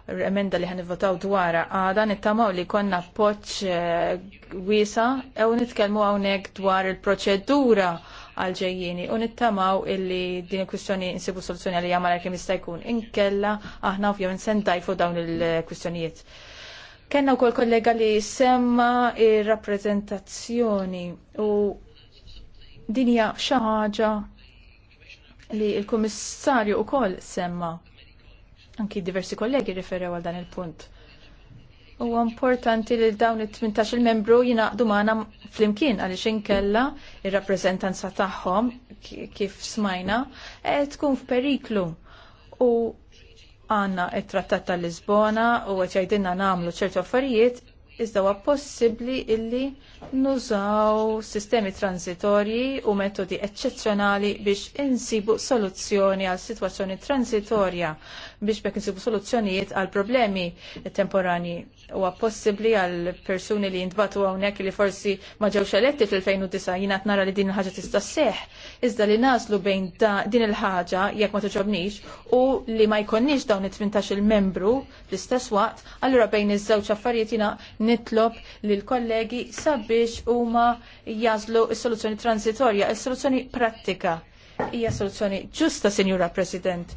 l emenda li ħan votaw dwara għada nittamaw li konna poċ eh, wisa ew nitkelmu għawnek dwar il-proċedura għalġejjini u nittamaw illi din il-kwistjoni insibu soluzzjoni għalli għamal għakim jista' jkun inkella aħna ovvjament sentajfu dawn il-kwistjonijiet. Kenna u kol kollega li semma il-rappresentazzjoni u Din hija xi ħaġa li l-Kummissarju wkoll semma. Anki diversi kollegi riferew għal dan il-punt. Huwa importanti li dawn it-18 il-membru jinaqdu magħna flimkien għaliex inkella il rappreżentanza tagħhom kif smajna qed tkun f'periklu. U għandna t trattat tal-Lisbona u qed jgħidilna nagħmlu ċertu affarijiet iżda huwa possibbli illi nużaw sistemi transitorji u metodi eċċezzjonali biex insibu soluzzjoni għal sitwazzjoni transitorja biex bekk insibu soluzzjonijiet għal problemi temporani u possibbli għal persuni li jindbatu hawnhekk li forsi ma ġewx eletti fil-2009 jiena nara li din il-ħaġa tista' sseħħ, iżda li naslu bejn din il-ħaġa jekk ma tiġobnix u li ma jkonniex dawn it-18 il-membru fl-istess waqt, allura bejn iż-żewġ affarijiet jiena nitlob l kollegi sabiex huma jażlu s-soluzzjoni transitorja, s soluzzjoni prattika hija soluzzjoni ġusta, Sinjura President.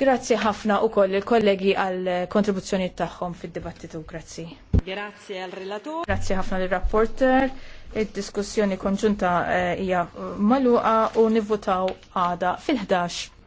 Grazzi ħafna u koll il-kollegi għal kontribuzzjoni tagħhom fil dibattitu Grazzi. Grazzi għal relatur. Grazzi ħafna l rapporter Id-diskussjoni konġunta eh, hija maluqa u nivvutaw għada fil-11.